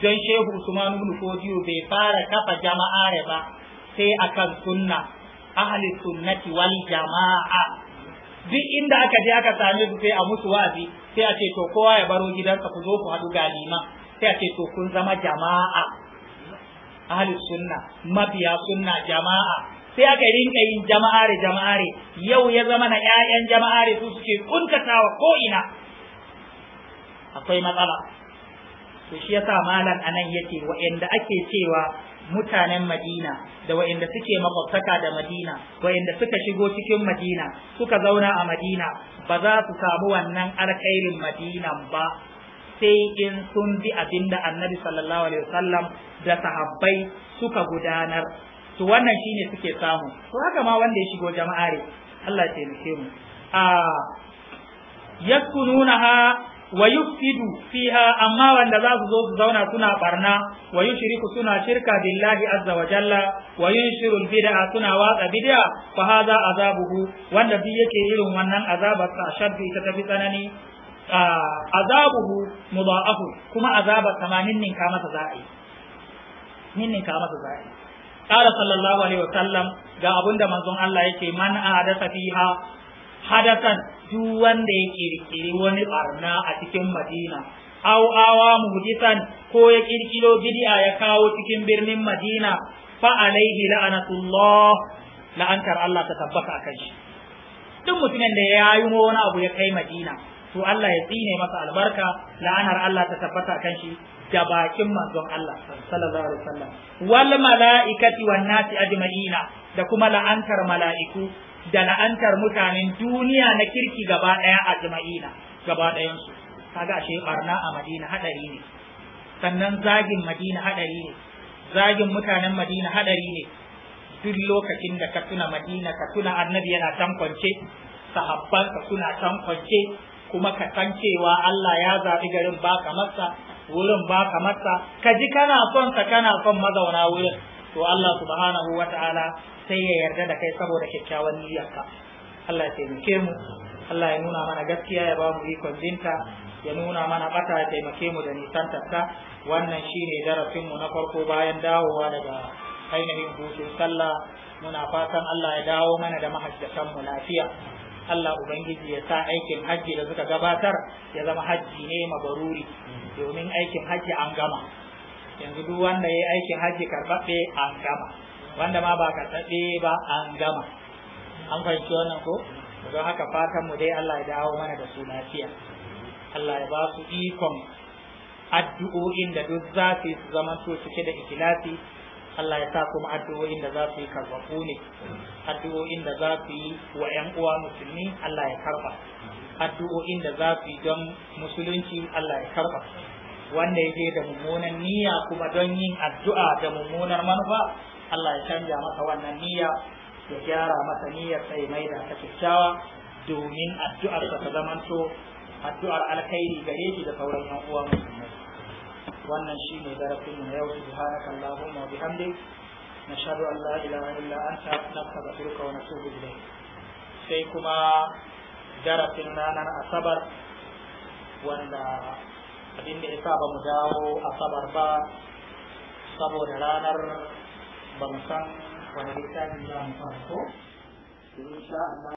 don shehu usman ibn kodiyo bai fara kafa jama'are ba sai akan sunna ahli sunnati wal jama'a duk inda aka je aka same su sai a musu wazi, sai a ce to kowa ya baro gidansa ku zo ku haɗu ga liman sai a ce to kun zama jama'a ahli sunna mabiya sunna jama'a sai aka rinka yin jama'are jama'are yau ya zama na ƴaƴan jama'are su suke kuntatawa ko ina akwai matsala to shi yasa malam anan yace wa'anda ake cewa mutanen Madina da wa'inda suke makwabtaka da Madina wa'inda suka shigo cikin Madina suka zauna a Madina ba za su samu wannan alƙairin Madinan ba sai in sun bi abinda annabi sallallahu alaihi wasallam da sahabbai suka gudanar to wannan shine suke samu to haka ma wanda ya shigo jama'a ne Allah ya taimake mu a yaskununaha wa yufidu fiha amma wanda za su zo su zauna suna barna wa yushriku suna shirka billahi azza wa jalla wa yunshiru bid'a suna watsa bid'a fa hadha azabuhu wanda bi yake irin wannan azabar ta shaddu ita tafi tsanani azabuhu mudha'afu kuma azaba tamanin ninka masa za a yi ninka masa za a yi qala sallallahu alaihi wa sallam ga abunda manzon Allah yake man ahdatha fiha hadatan duk wanda ya kirkiri wani barna a cikin Madina aw awa muhdisan ko ya kirkiro bid'a ya kawo cikin birnin Madina fa alaihi la'anatullah la'antar Allah ta tabbaka akai duk mutumin da ya yi wani abu ya kai Madina to Allah ya tsine masa albarka la'anar Allah ta tabbata kan shi da bakin manzon Allah sallallahu alaihi wasallam wal mala'ikati wan nasi ajma'ina da kuma la'antar mala'iku da la'antar mutanen duniya na kirki gaba daya ajma'ina gaba dayan su kaga ashe barna a Madina hadari ne sannan zagin Madina hadari ne zagin mutanen Madina hadari ne duk lokacin da ka tuna Madina ka tuna annabi yana tankwance sahabban ka tuna tankwance kuma ka san cewa Allah ya zaɓi garin ba masa, wurin ba masa, ka ji kana son ka kana son mazauna wurin to Allah subhanahu wa ta'ala sai ya yarda da kai saboda kyakkyawan niyyarka Allah ya taimake mu Allah ya nuna mana gaskiya ya ba mu ikon jinta ya nuna mana bata ya taimake mu da nisan tafka wannan shine darasin mu na farko bayan dawowa daga ainihin hutun sallah muna fatan Allah ya dawo mana da mahajjatan mu lafiya Allah Ubangiji ya sa aikin hajji da suka gabatar ya zama hajji ne mabaruri domin aikin hajji an gama yanzu duk wanda ya yi aikin hajji karɓaɓɓe an gama wanda ma ba karɓaɓɓe ba an gama an fahimci wannan ko don haka fatan mu dai Allah ya dawo mana da su lafiya Allah ya ba su ikon addu'o'in da duk za su zama su cike da ikilasi Allah ya sa kuma addu'o'in da za su yi karfafu ne addu'o'in da za su yi wa 'yan uwa musulmi Allah ya karfa, addu'o'in da za su yi don musulunci Allah ya karba wanda ya je da mummunan niyya kuma don yin addu'a da mummunar manufa Allah ya canja masa wannan niyya ya gyara masa niyyar sai mai da ta kyakkyawa domin addu'ar ta zamanto addu'ar alkhairi gare shi da sauran 'yan uwa musulmi wannan shi ne zarafin na yau subhanaka allahumma wa bihamdik nashhadu an la ilaha illa anta nastaghfiruka wa natubu ilayk sai kuma zarafin ranar asabar wanda abin da yasa ba mu dawo asabar ba saboda ranar ba mu san wani littafin za mu